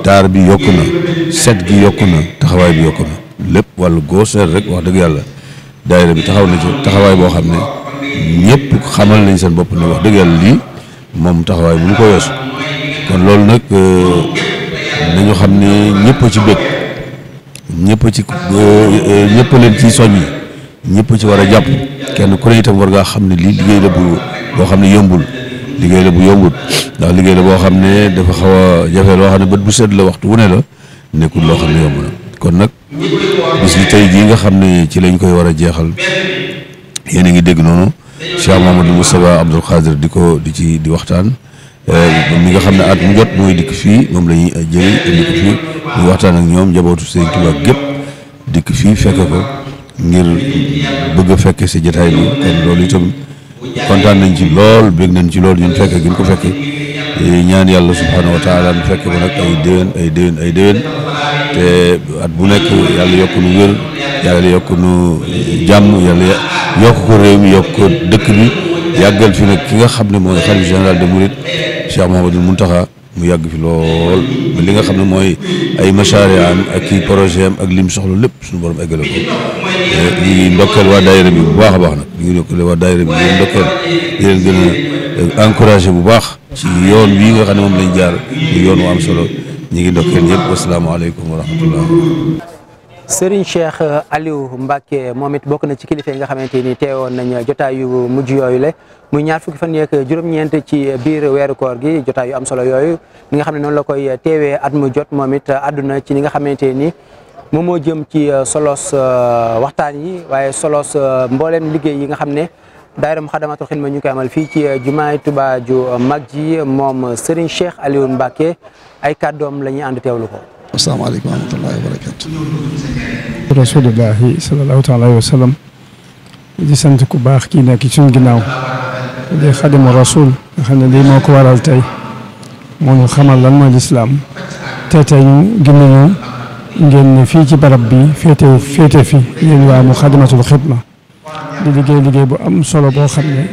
taar bi yokku na set gi yokku na taxawaay bi yokk na lépp wàllu gooseer rek wax dëgg yàlla daayira bi taxaw na ci taxawaay boo xam ne ñëpp xamal nañ seen bopp ne wax dëgg yàlla lii moom taxawaay bu ñu ko weesu kon loolu nag. Euh, nañu xam ne ñëpp ci bëgg ñëpp ci euh, ñëpp leen ci soñ yi ñëpp ci war a jàpp kenn ku ne itam war ngaa xam ne lii liggéey la bu boo xam ne yombul liggéey bu yombul ndax liggéey la boo xam ne dafa xaw a jafe xam ne bët bu sedd la waxtu wu ne la nekkul loo xam ne yomb na kon nag bis bi tey jii nga xam ne ci lañ koy war a jeexal yéen a ngi dégg noonu Cheikh Mouhamadou Moustapha Abdoul Khadir di ko di ci di waxtaan Euh, mi nga xam ne at mu jot mooy dikk fii moom lañuy ñuy euh, jëli indi fii ñu waxtaan ak ñoom njabootu Sëriñ Tuubaa gépp dikk fii fekk ko ngir bëgg a fekke sa jotaay bi kon loolu itam kontaan nañ ci lool bég nañ ci lool ñun fekk gi ñu ko fekk ñaan yàlla subhaanahu wa taala mu fekk ko nag ay déwén ay déwén bu nekk yàlla yokk nu wér yàlla yokk nu yokk dëkk bi yàggal fi nag ki nga xam ne mooy xalif général de Mouride Cheikh Mouhamadul Mountakha mu yàgg fi lool li nga xam ne mooy ay machaari am ak i projet am ak lim soxla lépp suñu borom eggale ko ñu eh, ngi ndokkeel waa daayira bi bu baax a baax nag ñu ngi ndokkeel waa daayira bi di leen ndokkeel a eh, encouragé bu baax ci yoon bii nga xam ne moom lañ jaar yoon wu am solo ñu ngi ndokkeel ñëpp wasalaamaaleykum Serigne Cheikh euh, Aliou Mbacke moom bokk na ci kilifa yi nga xamante ni teewoon nañ jotaay yu mujj yooyu le mu ñaar fukki fan yeeg juróom-ñeent ci biir weeru koor gi jotaay yu am solo yooyu nga xam ne noonu la koy teewee at mu jot moom it àdduna ci li nga xamante ni moom moo jëm ci euh, solos euh, waxtaan yi waaye solos mboolem liggéey yi nga xam ne daayira Moukhaddamatoul Khidma ñu koy amal fii ci jumaay Tuubaa ju mag ji moom Serigne Cheikh Aliou Mbacke ay kaddoom la ñuy ànd teewlu ko. wasalaamaaleykum wa rahmatullahi wa barakaatu. rasulillahi sallallahu di sant ku baax kii nekk ci suñ ginnaaw di xadimu rasul nga xam ne lii moo ko waral tey moo ñu xamal lan mooy lislaam ñu ginnañu ngeen fii ci barab bi féete féete fi yéen waa mu xadimatul xidma di liggéey liggéey bu am solo boo xam ne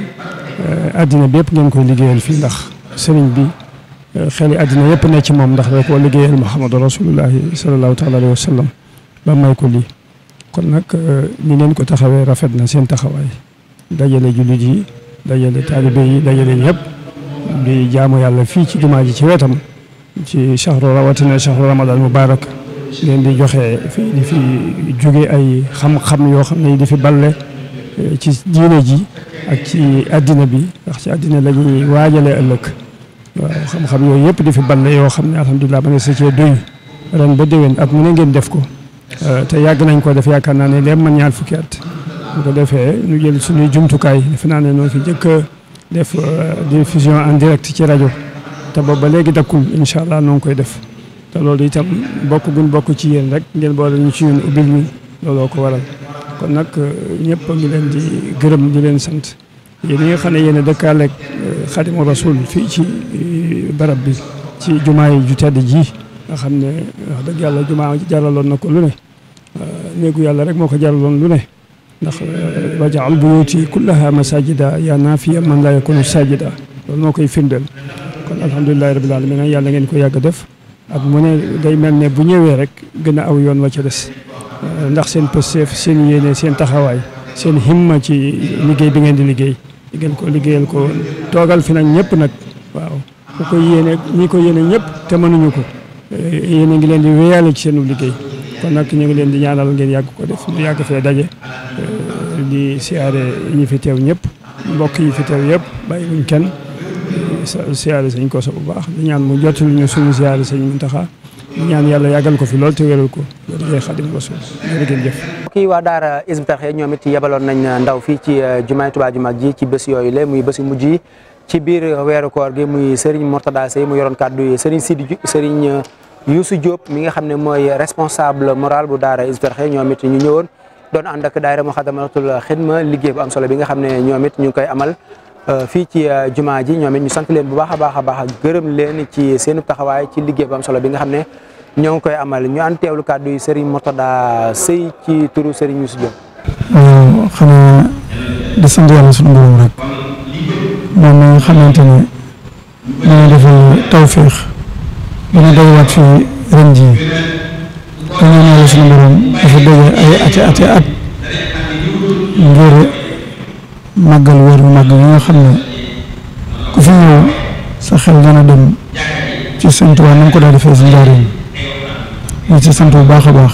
addina eh, bi yëpp ngeen koy liggéeyal fii ndax sëriñ bi xeli àddina yëpp ne ci moom ndax da koo liggéeyal Muhammadu rasulullahi sallallahu taala alayhi wa sallam ba may ko lii kon nag euh, ni ngeen ko taxawee rafet na seen taxawaay dajale jullit yi dajale taalibe yi dajale ñëpp di jaamu yàlla fii ci jumaa ji ci wetam ci shahru rawatina shahru ramadan mubarak ngeen di joxee fii di fi jóge ay xam-xam yoo xam ne di fi balle euh, ci diine ji ak ci àddina bi ndax ci àddina la ñuy waajale ëllëg waaw xam-xam yooyu yëpp di fi ball yoo xam ne alhamdulilah ba ne sa cee doy ren ba déwén at mu ne ngeen def ko euh, te yàgg nañ ko def yaakaar naa ne lépp man ñaar fukki at bu ko defee ñu jël suñuy jumtukaay fi naa ne noonu fi njëkk def euh, diffusion en direct ci rajo te boobu ba léegi dakkul incha allah noo ngi koy def te loolu itam bokk gun bokk ci yéen rek ngeen boole ñu ci yéen ubbil ñu looloo ko waral kon nag euh, ñëpp ngi leen di gërëm di leen sant. yéen ñi nga xam ne yéen a dëkkaaleeg euh, xadimu rasul fii ci euh, barab bi ci jumaa yi ju tedd ji nga xam ne wax dëgg yàlla jumaa jaraloon na ko lu ne euh, néegu yàlla rek moo ko jaraloon lu ne ndax wajaal buyuti kullaha masajida yaa naafiya man laa yakunu sajida loolu moo koy firndeel kon alhamdulilahi rabil alamin yàlla ngeen ko yàgg def ak mu ne day mel ne bu ñëwee rek gën a aw yoon wa ca des ndax seen pësteef seen yéene seen taxawaay seen himma ci liggéey bi ngeen di liggéey gën ko liggéeyal ko toogal fi nag ñëpp nag waaw ku ko yéene ñi ko yéene ñëpp te mënuñu ko eh, yéen a ngi leen di wéyale ci seenu liggéey kon nag ñu ngi leen di ñaanal ngeen yàgg ko def mu yàgg fee daje eh, di siyaare ñi fi teew ñëpp mbokk yi fi teew yëpp bàyyi wuñ kenn eh, siyaare sëñ Kosso bu baax di ñaan mu jottali ñu suñu siyaare sëñ Muntaxa ñaan yàlla yàggal ko fi lool te wéral ko jërëjëf Xadim Rasul daara Hizbut Tarqiyyah ñoom it yebaloon nañ ndaw fii ci eh, jumaay Tuubaa ju mag ji ci bés yooyu le muy bési mujj yi ci biir weeru koor gi muy Serigne Mourtada Seye mu yoroon kàddu yi Serigne Sidi Serigne eh, Youssou Diop mi nga xam ne mooy responsable moral bu daara Hizbut Tarqiyyah ñoom it ñu ñëwoon doon ànd ak daayira Moukhaddamatoul Khidma liggéey bu am solo bi nga xam ne ñoom it ñu ngi koy amal Euh, fii ci euh, jumaa ji ñoom it ñu sant leen bu baax a baax a baax gërëm leen ci seen taxawaay ci liggéey ba am solo bi nga xam ne ñoo ngi koy amal ñu ànd teewlu kàddu yi Serigne Mourtada Seye ci turu Serigne Youssou Diop. xanaa di sant yàlla suñu borom rek moom nga xamante ne moo defal tawféex ba ñu dajawaat fii ren jii dañoo ñaanal suñu borom dafa daje ay ati ati at ngir. màggal weer yu màgg yi nga xam ne ku fi ñëw sa xel dana dem ci sant waa na nga ko daal di fay si njaareem ci sant bu baax a baax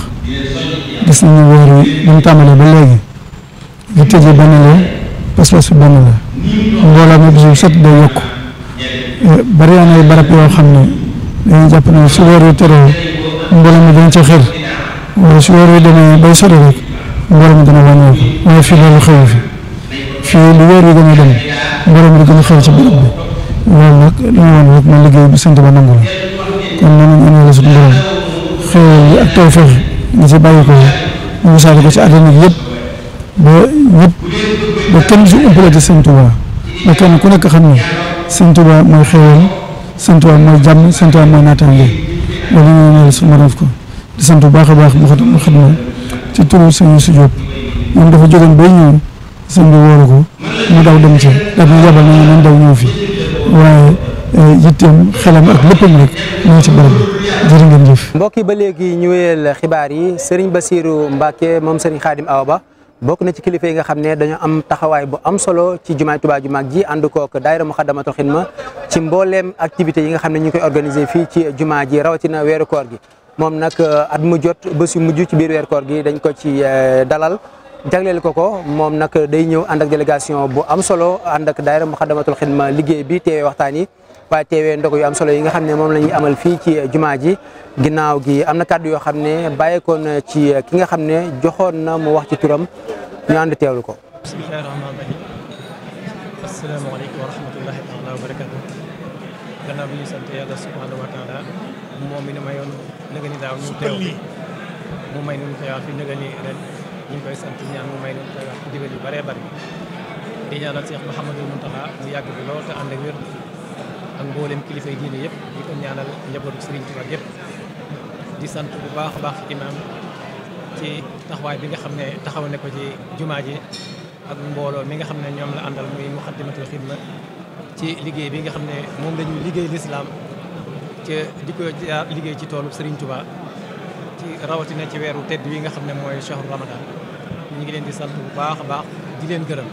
gis nañu weer wi ba mu tàmbalee ba léegi li tëjee benn la pas-pas bi benn la mbooloo mi bisu set day yokk bari na ay barab yoo xam ne dañuy jàpp ne su weer wi teroo mbooloo mi dañ ca xir wala su weer wi demee bay sori loolu xewu fi. fii lu weer wi gën a dem a xew ci borom bi loolu nag nag mooy liggéey bi sant ba nangu la kon nañu ñaan yàlla suñu borom xéewal ba ñëpp ba kenn ba kenn ku nekk xam ne sëñ Tuubaa mooy xéewal sëñ Tuubaa mooy jàmm sëñ Tuubaa mooy naataange loolu ñu ñaan ko di sant bu baax a baax mu xam ne ci turu sëñ Youssou Diop moom dafa jógoon bay ñëw sëñ bi wóoru ko mu daw dem ci daal yabal nañu nañ daw ñëw waaye eh, yitteem xelam ak léppam rek moo ci barab bi yi ba léegi ñu xibaar yi Serigne Bassirou Mbacke moom Serigne Khadim aw Ba bokk na ci kilifa yi nga xam ne dañoo am taxawaay bu am solo ci jumaay Tuubaa ju mag ji ànd kook daayira Muxaddamatul ma ci mbooleem activités yi nga xam ne ñu koy organiser fii ci jumaa ji rawatina weeru koor gi moom nag eh, at mu jot bés mujj ci biir weeru koor gi dañ ko ci eh, jagleel ko ko moom nag day ñëw ànd ak délégation bu am solo ànd ak daayira Muxaddamatul Xidma liggéey bi teewee waxtaan yi waaye teewee ndog am solo yi nga xam ne moom la ñuy amal fii ci jumaa ji ginnaaw gi am na kàddu yoo xam ne bàyyeekoon ci ki nga xam ne joxoon na mu wax ci turam ñu ànd teewlu ko. ñu ngi koy sant ñaan mu may leen koy wax digal yu bëree bëri di ñaanal Cheikh Mouhamadou Mountakha mu yàgg bi lool te ànd ak wér ak mboolem kilifa yi diine yëpp di ko ñaanal njabootu Serigne Touba yëpp di sant bu baax a baax imaam ci taxawaay bi nga xam ne taxaw ne ko ci jumaa ji ak mbooloo mi nga xam ne ñoom la àndal muy Muxaddamatul Xidma ci liggéey bi nga xam ne moom lañuy liggéey lislaam ca di ko liggéey ci toolu sëriñ Touba. rawatina ci weeru tedd wi nga xam ne mooy shahru ramadan ñu ngi leen di sant bu baax baax di leen gërëm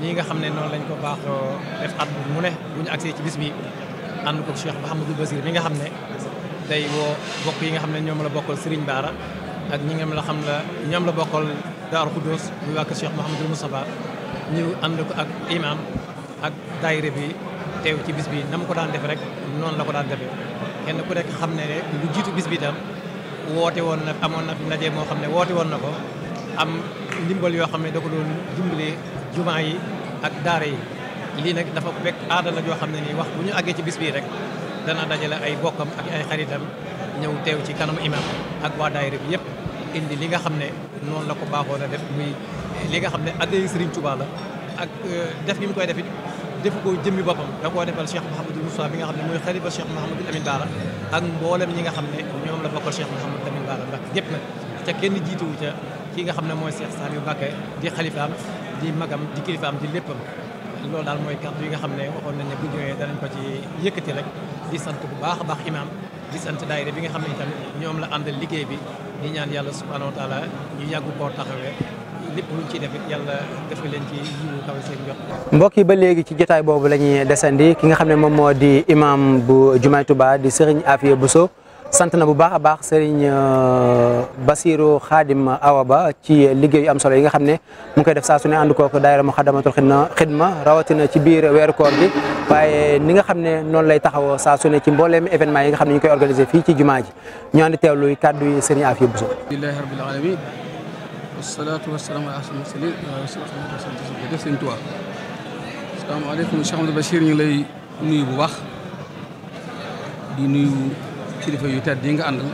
nii nga xam ne noonu lañ ko baax def at bu mu ne bu ñu agsee ci bis bi ànd ko Cheikh Mouhamadou Basir mi nga xam ne day woo bokk yi nga xam ne ñoom la bokkal Serigne Bara ak ñi ngam la xam la ñoom la bokkal Daaru Khoudoss muy wàkk Cheikh Mouhamadou Moustapha ñu ànd ko ak imam ak daayira bi teew ci bis bi nam ko daan def rek noonu la ko daan defee kenn ku nekk xam ne lu jiitu bis bi tam woote woon na amoon na ndaje moo xam ne woote woon na ko am ndimbal yoo xam ne da ko doon dimbale jumaa yi ak daara yi lii nag dafa fekk aada la joo xam ne nii wax bu ñu àggee ci bis bii rek dana dajale ay bokkam ak ay xaritam ñëw teew ci kanam imam ak waa daayira bi yëpp indi li nga xam ne noonu la ko baaxoon a def muy li nga xam ne addee Serigne Touba la ak euh, def gi mu koy def it defu ko jëmmi boppam da koo defal Cheikh Mouhamadou Moussa bi nga xam ne mooy xalifa Cheikh Mouhamadou Amine Bara ak mboolem ñi nga xam ne ñoom la bokkal Cheikh Mouhamadou Lamine Bara Mbacké gépp nag ca kenn jiituwu ca kii nga xam ne mooy Cheikh Saliou Mbacké di xalifaam di magam di kilifaam di léppam loolu daal mooy kàddu yi nga xam ne waxoon nañ ne bu ñëwee danañ ko ci yëkkati rek di sant bu baax a baax imaam di sant daayira bi nga xam ne itam ñoom la àndal liggéey bi di ñaan yàlla subhanahu wa taala ñu yàggu koo taxawee lépp yi ba léegi ci jotaay boobu la ñuy desandi ki nga xam ne moom moo di imam bu Jumaay Touba di Serigne Afia Bousso sant na bu baax a baax Serigne euh, Basirou Khadim Awa Ba ci liggéey yu am solo yi nga xam ne mu ngi koy def saa su ne ànd kooku daayira Moukhaddamatoul Khidma rawatina ci biir weeru koor gi waaye ni nga xam ne noonu lay taxawo saa su ne ci mbooleem événement yi nga xam ne ñu koy organisé fii ci jumaa ji ñu ànd teewluy kàddu yi Serigne Afia wasalaatu wasalaamu ala asal mursalin ñu lay nuyu bu wax di nuyu kilifa yu tedd yi nga àndal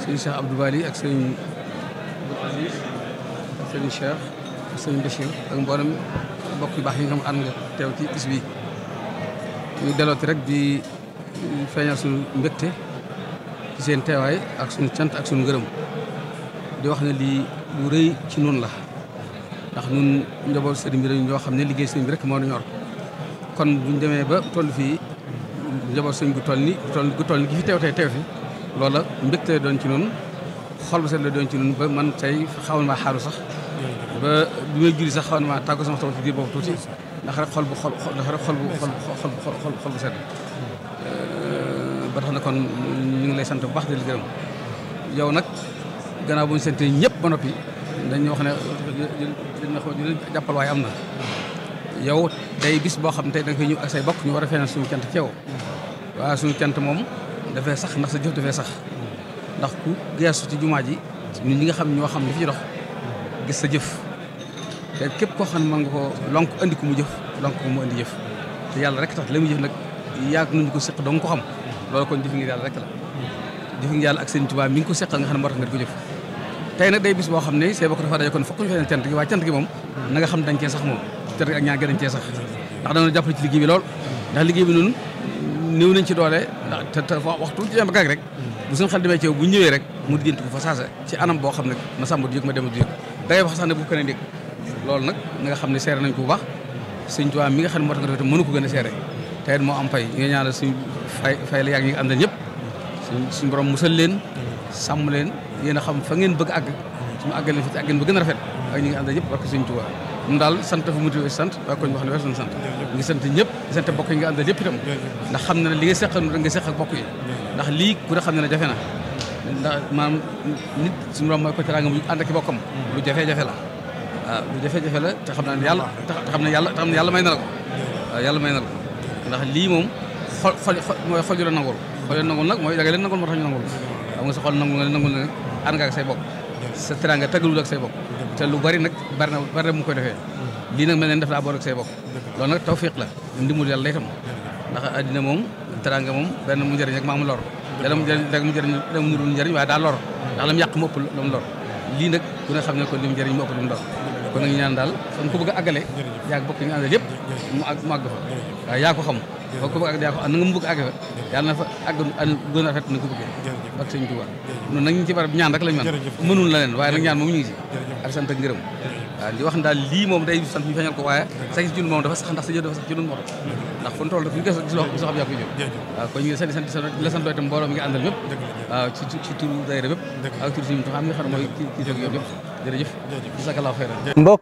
sëñ Cheikh Abdou Bali ak sëñ Abdou Aziz ak sëñ Cheikh ak sëñ Bachir ak mboolem mbokk yu baax yi nga xam ànd teew ci bis ñu delooti rek di feeñal suñu mbégte ci seen teewaay ak suñu cant ak suñu ngërëm di wax ne lii lu rëy ci noonu la ndax nun njaboot sëriñ bi ñoo xam ne liggéey sëriñ bi rek moo ñor kon buñ demee ba toll fii njaboot sëriñ gu toll ni toll gu toll ni gi fi teew tey teew fi loola mbégte doon ci nun xol bu set la doon ci nun ba man tey xawoon maa xaaru sax ba bi may julli sax xawoon maa tàggu sama sama ci biir boobu tuuti ndax rek ndax xol bu xol xol xol bu set ba tax na kon ñu ngi lay sant bu baax di la gërëm yow nag gannaaw bu ñu sante ñëpp ba noppi dañ wax ne dina xaw a jàppal waaye am na. yow day bis boo xam ne tey da nga ñëw ak say bokk ñu war a feeñal suñu cant ceew moom dafay sax ndax sa jëf dafay sax ndax ku geesu ci jumaa ji ñun ñi nga xam ñoo xam li fi dox gis sa jëf te képp koo xam ne mën nga ko lonk andi ku mu jëf lonk ko mu andi jëf te yàlla tax la mu jëf nag yàgg nañu ko seq dong ko xam loolu kon jëf ngir yàlla rek la jëf ngir yàlla ak seen tubaab mi ngi ko seqal nga xam nga ko jëf tey nag day bis boo xam ne see bokk dafa daje kon fokk ñu feneen cant gi waaye cant gi bi lool ndax liggéey bi nun néew nañ ci doole ndax te waxtu ci yemb gaag bu suñu ñëwee rek mu diggante ko fa saasa anam boo xam ne ma ma dem du wax sax ne bu loolu nag nga xam ne seere nañ ko bu baax sëñ Tuubaa mi nga xam ne moo tax nga def gën a seere tey moo am fay ñu nga ñaanal suñ fay fay la yàgg ñi nga àndal ñëpp suñ borom musal leen sàmm leen yéen a xam fa ngeen bëgg àgg su ma àggal leen fa ci àggeen ba gën a rafet ak ñi nga àndal ñëpp barke Sëñ Tuubaa ñun daal sant fa mutué sant waa koñ wax ne weesu sant ngi sant ñëpp di sant bokk yi nga àndal yëpp itam ndax xam ne ne li nga seqal da nga seq ak bokk yi ndax lii ku ne xam ne ne jafe na ndax maanaam nit suñu rom mooy ko teraanga mu ànd ak bokkam mm-hmm. lu jafe-jafe la waaw ah, lu jafe-jafe la te xam naa ne yàlla te xam ne yàlla te xam ne yàlla may na la ko waaw ah, yàlla may na la ko ndax lii moom xol xol mooy xol yu la nangul xol yu la nangul nag mooy da nga leen nangul moo tax ñu nangul xam nga sa xol nangu nga ne na ne ànd nga ak say bokk sa teraanga taggalul ak say bokk te lu bari nag bari na bari mu koy defee mm-hmm. lii nag mel ne daf la boor ak say bokk loolu nag tawfiq la ndimbalu yàlla lay tam ndax addina moom teraanga moom benn mu njëriñ rek ma am lor mu njëriñ dana mu njëriñ dana mu nurul njëriñ waaye daa lor ndax la mu yàq mu ëpp la mu ne xam ne kon li mu njëriñ mu ëpp lu mu lor kon ñaan daal kon ku bëgg a àggale yaa bokk ñu àndal yëpp mu àgg mu àgg fa waaye yaa ko xam ba ko bëgg àgg yaa ko na nga mu bëgg àgg fa yàlla na fa àgg an gën a rafet ni ko bëggee ak sëñ Tuubaa noonu nag ñaan rek lañ man mënul la leen waaye nag ñaan moom ñu ngi si ak sant ak waaw li wax na daal lii moom day sant ñu feeñal ko waaye sa gis ñun moom dafa sax ndax sa dafa sax ci moom ndax fu ñu toll dafa ñu gis loo xam yaa koy jëf waaw kon ñu mi ngi ci ci turu daayira bépp ak turu suñu xam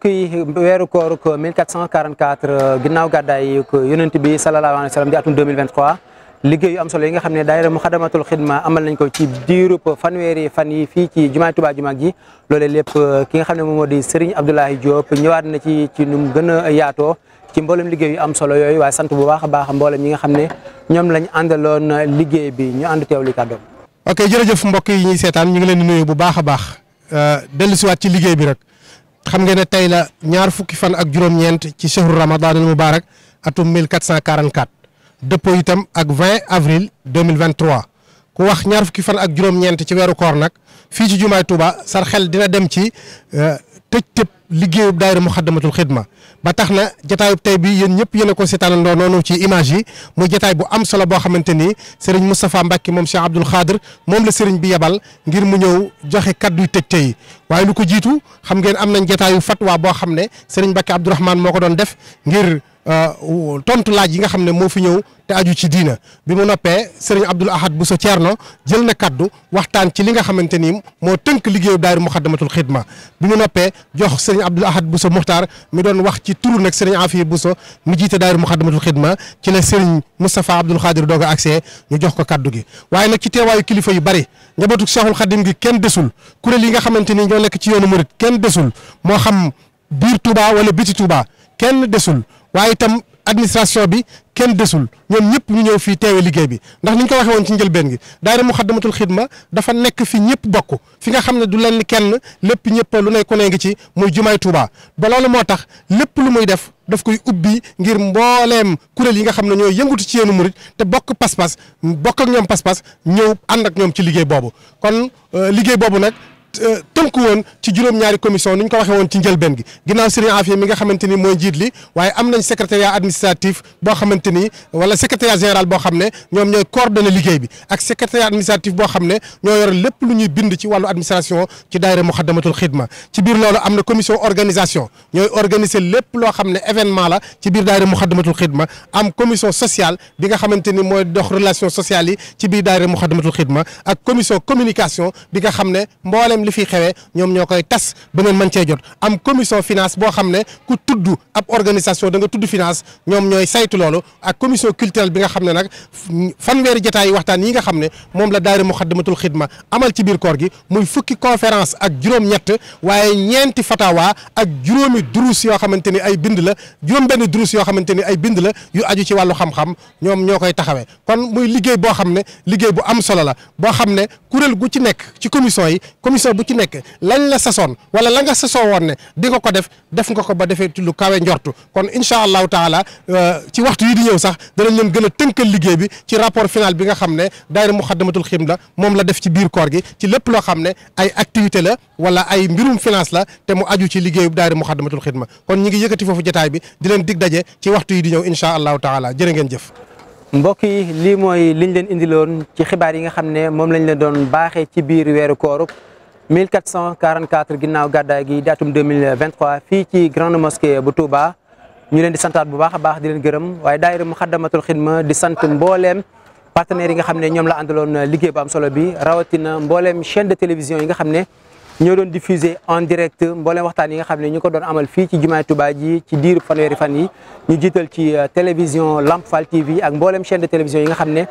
yi weeru koor ko 1444 ginnaaw gàddaay ko yonent bi sallallahu alayhi wa sallam di liggéey yu am solo yi nga xam ne daayira mu xadamatul xidma amal nañ ko ci diirub fanweeri fan yi fii ci jumaay Tuubaa ju mag ji loolee lépp euh, ki nga xam ne moom moo di Serigne Abdoulaye Diop ñëwaat na ci ci nu mu gën a yaatoo ci mboolem liggéey yu am solo yooyu waaye sant bu baax a baax mboolem ñi nga xam ne ñoom lañ àndaloon liggéey bi ñu ànd teewlu kàddoom. ok jërëjëf mbokk yi ñuy seetaan ñu ngi leen di bu baax a baax euh, dellusiwaat ci liggéey bi rek xam nga ne tey la ñaar fukki fan ak juróom-ñeent ci shahru ramadan al mubarak atum 1444 dëppoo itam ak 20 avril 2023 ku wax ñaar fukki fan ak juróom-ñeent ci weeru koor nag fii ci jumaay Touba sar xel dina dem ci euh, tëj tëb liggéeyub daayira muxaddamatul xidma ba tax na jataayub tey bi yéen ñëpp yéen a ko seetaanandoo noonu ci image yi muy jataay bu am solo boo xamante ni sëriñ Moustapha Mbacke moom Cheikh Abdoul Khadir moom la sëriñ bi yebal ngir mu ñëw joxe kadduy tëj tey waaye lu ko jiitu xam ngeen am nañ jataayu fatwa boo xam ne sëriñ Mbacke Abdourahmane moo ko doon def ngir. Euh, tontu laaj yi nga xam ne moo fi ñëw te aju ci diina bi mu noppee sëriñ Abdoul Ahad Bousso Thierno jël na kaddu waxtaan ci li nga xamante ni moo tënk liggéeyu daayira Muxaddamatul Xidma bi mu noppee jox sëriñ Abdoul Ahad Bousso Muxtaar mi doon wax ci turu nag sëriñ Afiya Bousso mi jiite daayira Muxaddamatul Xidma ci la sëriñ Moustapha Abdoul Xaadir doog a accès ñu jox ko kaddu gi waaye nag ci teewaayu kilifa yu bari njabootu Cheikhul Xadim gi kenn desul kuréel yi nga xamante ni ñoo nekk ci yoonu murit kenn desul moo xam biir Touba wala biti Touba kenn desul waaye itam administration bi kenn desul ñoom ñëpp ñu ñëw fii teewe liggéey bi ndax ni ñu ko waxee woon ci njëlbeen gi daayira Muxaddamatul Xidma dafa nekk fi ñëpp bokk fi nga xam ne du lenn kenn lépp ñëpp lu ne ku ngi ci muy jumaay Tuuba ba loolu moo tax lépp lu muy def daf koy ubbi ngir mbooleem kuréel yi nga xam ne ñooy yëngutu ci yéenu murit te bokk pas-pas bokk ak ñoom pas-pas ñëw ànd ak ñoom ci liggéey boobu kon euh, liggéey boobu nag tënku woon ci juróom-ñaari commission ni ko waxee woon ci njëlbeen gi ginnaaw Serigne Afia mi nga xamante ni mooy njiit li waaye am nañ secrétariat administratif boo xamante ni wala secrétariat général boo xam ne ñoom ñooy coordonné liggéey bi ak secrétariat administratif boo xam ne ñoo lépp lu ñuy bind ci wàllu administration ci daayira Muxaddamatul Xidma ci biir loolu am na commission organisation ñooy organiser lépp loo xam ne événement la ci biir daayira Muxaddamatul Xidma am commission sociale bi nga xamante ni mooy dox relations sociales yi ci biir daayira Muxaddamatul Xidma ak commission communication bi nga xam ne mboolem li fi xewee ñoom ñoo koy tas ba ngeen mën cee jot am commission finance boo xam ne ku tudd ab organisation da nga tudd finance ñoom ñooy saytu loolu ak commission culturelle bi nga xam ne nag fanweeri jataay yi waxtaan yi nga xam ne moom la daayira muxaddamatul xidma amal ci biir koor gi muy fukki conférence ak juróom-ñett waaye ñeenti fatawa ak juróomi duruus yoo xamante ni ay bind la juróom benn duruus yoo xamante ni ay bind la yu aju ci wàllu xam-xam ñoom ñoo koy taxawee kon muy liggéey boo xam ne liggéey bu am solo la boo xam ne kuréel gu ci nekk ci commission yi bu ci nekkee lañ la sasoon wala la nga sasoo woon ne di nga ko def def nga ko ba defee lu kawe njortu kon incha allahu taala euh, ci waxtu yi di ñëw sax danañ leen gën a tënkal liggéey bi ci rapport final bi nga xam ne daayira Muxaddamatul Xidma moom la def ci biir koor gi ci lépp loo xam ne ay activité la wala ay mbirum finance la te mu aju ci liggéeyu daayira Muxaddamatul Xidma kon ñi ngi yëkkati foofu jotaay bi di leen dig daje ci waxtu yi di ñëw incha allahu taala jërë ngeen jëf mbokk yi lii mooy liñ leen indiloon ci xibaar yi nga xam ne moom lañ leen doon baaxe ci biir weeru koorub 1444 ginnaaw gàddaay gi di atum 2023 fii ci grande mosquée bu Touba ñu leen di santaat bu baax a baax di leen gërëm waaye daa daayira Muxaddamatul Xidma di sant mbooleem partenaires yi nga xam ne ñoom la àndaloon liggéey bu am solo bi rawatina mbooleem chaîne de télévision yi nga xam ne ñoo doon diffuser en direct mboolem waxtaan yinga xam ne ñu ko doon amal fii ci jumaay Touba ji ci diiru fanweeri fan yi ñu jiital ci euh, télévision Lamp Fall TV ak mboolem chaîne de télévision yi nga xam ne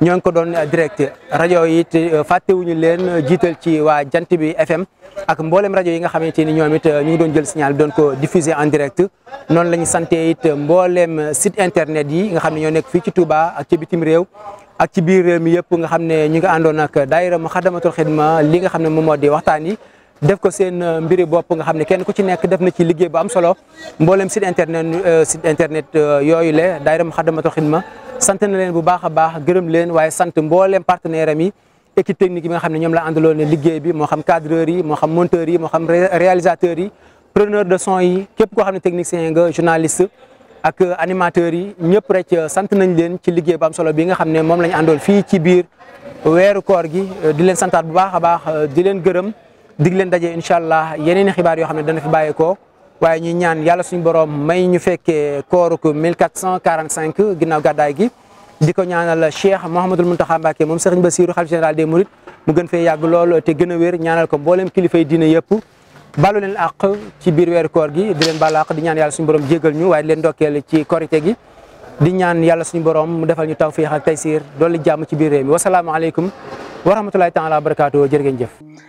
ñoo ngi ko doon direct rajo yi it euh, fàttewuñu leen euh, jiital ci waa jant bi FM ak mboolem rajo yi nga xamante ni ñoom it euh, ñu ngi doon jël signal bi doon ko diffuser en direct noonu la ñu sant it mboolem site internet yi nga xam ne ñoo nekk fii ci Touba ak ci bitim réew ak ci biir réew mi yëpp nga xam ne ñi ngi àndoon ak daayira mu xadamatul xidma li nga xam ne moom moo di waxtaan yi def ko seen mbiri bopp nga xam ne kenn ku ci nekk def na ci liggéey bu am solo mboolem site internet site internet yooyu le daayira Moukhaddamatoul Khidma sant na leen bu baax a baax gërëm leen waaye sant mbooleem partenaire am yi technique bi nga xam ne ñoom la àndaloon liggéey bi moo xam cadreur yi moo xam monteur yi moo xam réalisateur preneur de son yi képp koo xam ne technicien nga journaliste ak animateurs yi ñëpp rek sant nañ leen ci liggéey bu am solo bi nga xam ne moom la ñu àndoon fii ci biir weeru koor gi di leen santaat bu baax a baax di leen gërëm dig leen daje incha allah yeneen i xibaar yoo xam ne dana fi bàyyeekoo waaye ñu ñaan yàlla suñu borom may ñu fekkee kooruk 1445 ginnaaw gàddaay gi di ko ñaanal Cheikh Mouhamadul Mountakha Mbacké moom Serigne Bassirou xalif général des Mourides mu gën fee yàgg lool te gën a wér ñaanal ko mboolem kilifay diine yëpp balu leen àq ci biir weer koor gi di leen balu àq di ñaan yàlla suñu borom jégal ñu waaye di leen ndokkeel ci korite gi di ñaan yàlla suñu borom mu defal ñu taw tawfiix ak taysiir dolli jàmm ci biir réew mi wasalaamaaleykum wa rahmatulahi taala wa barakaatu jërë ngeen jëf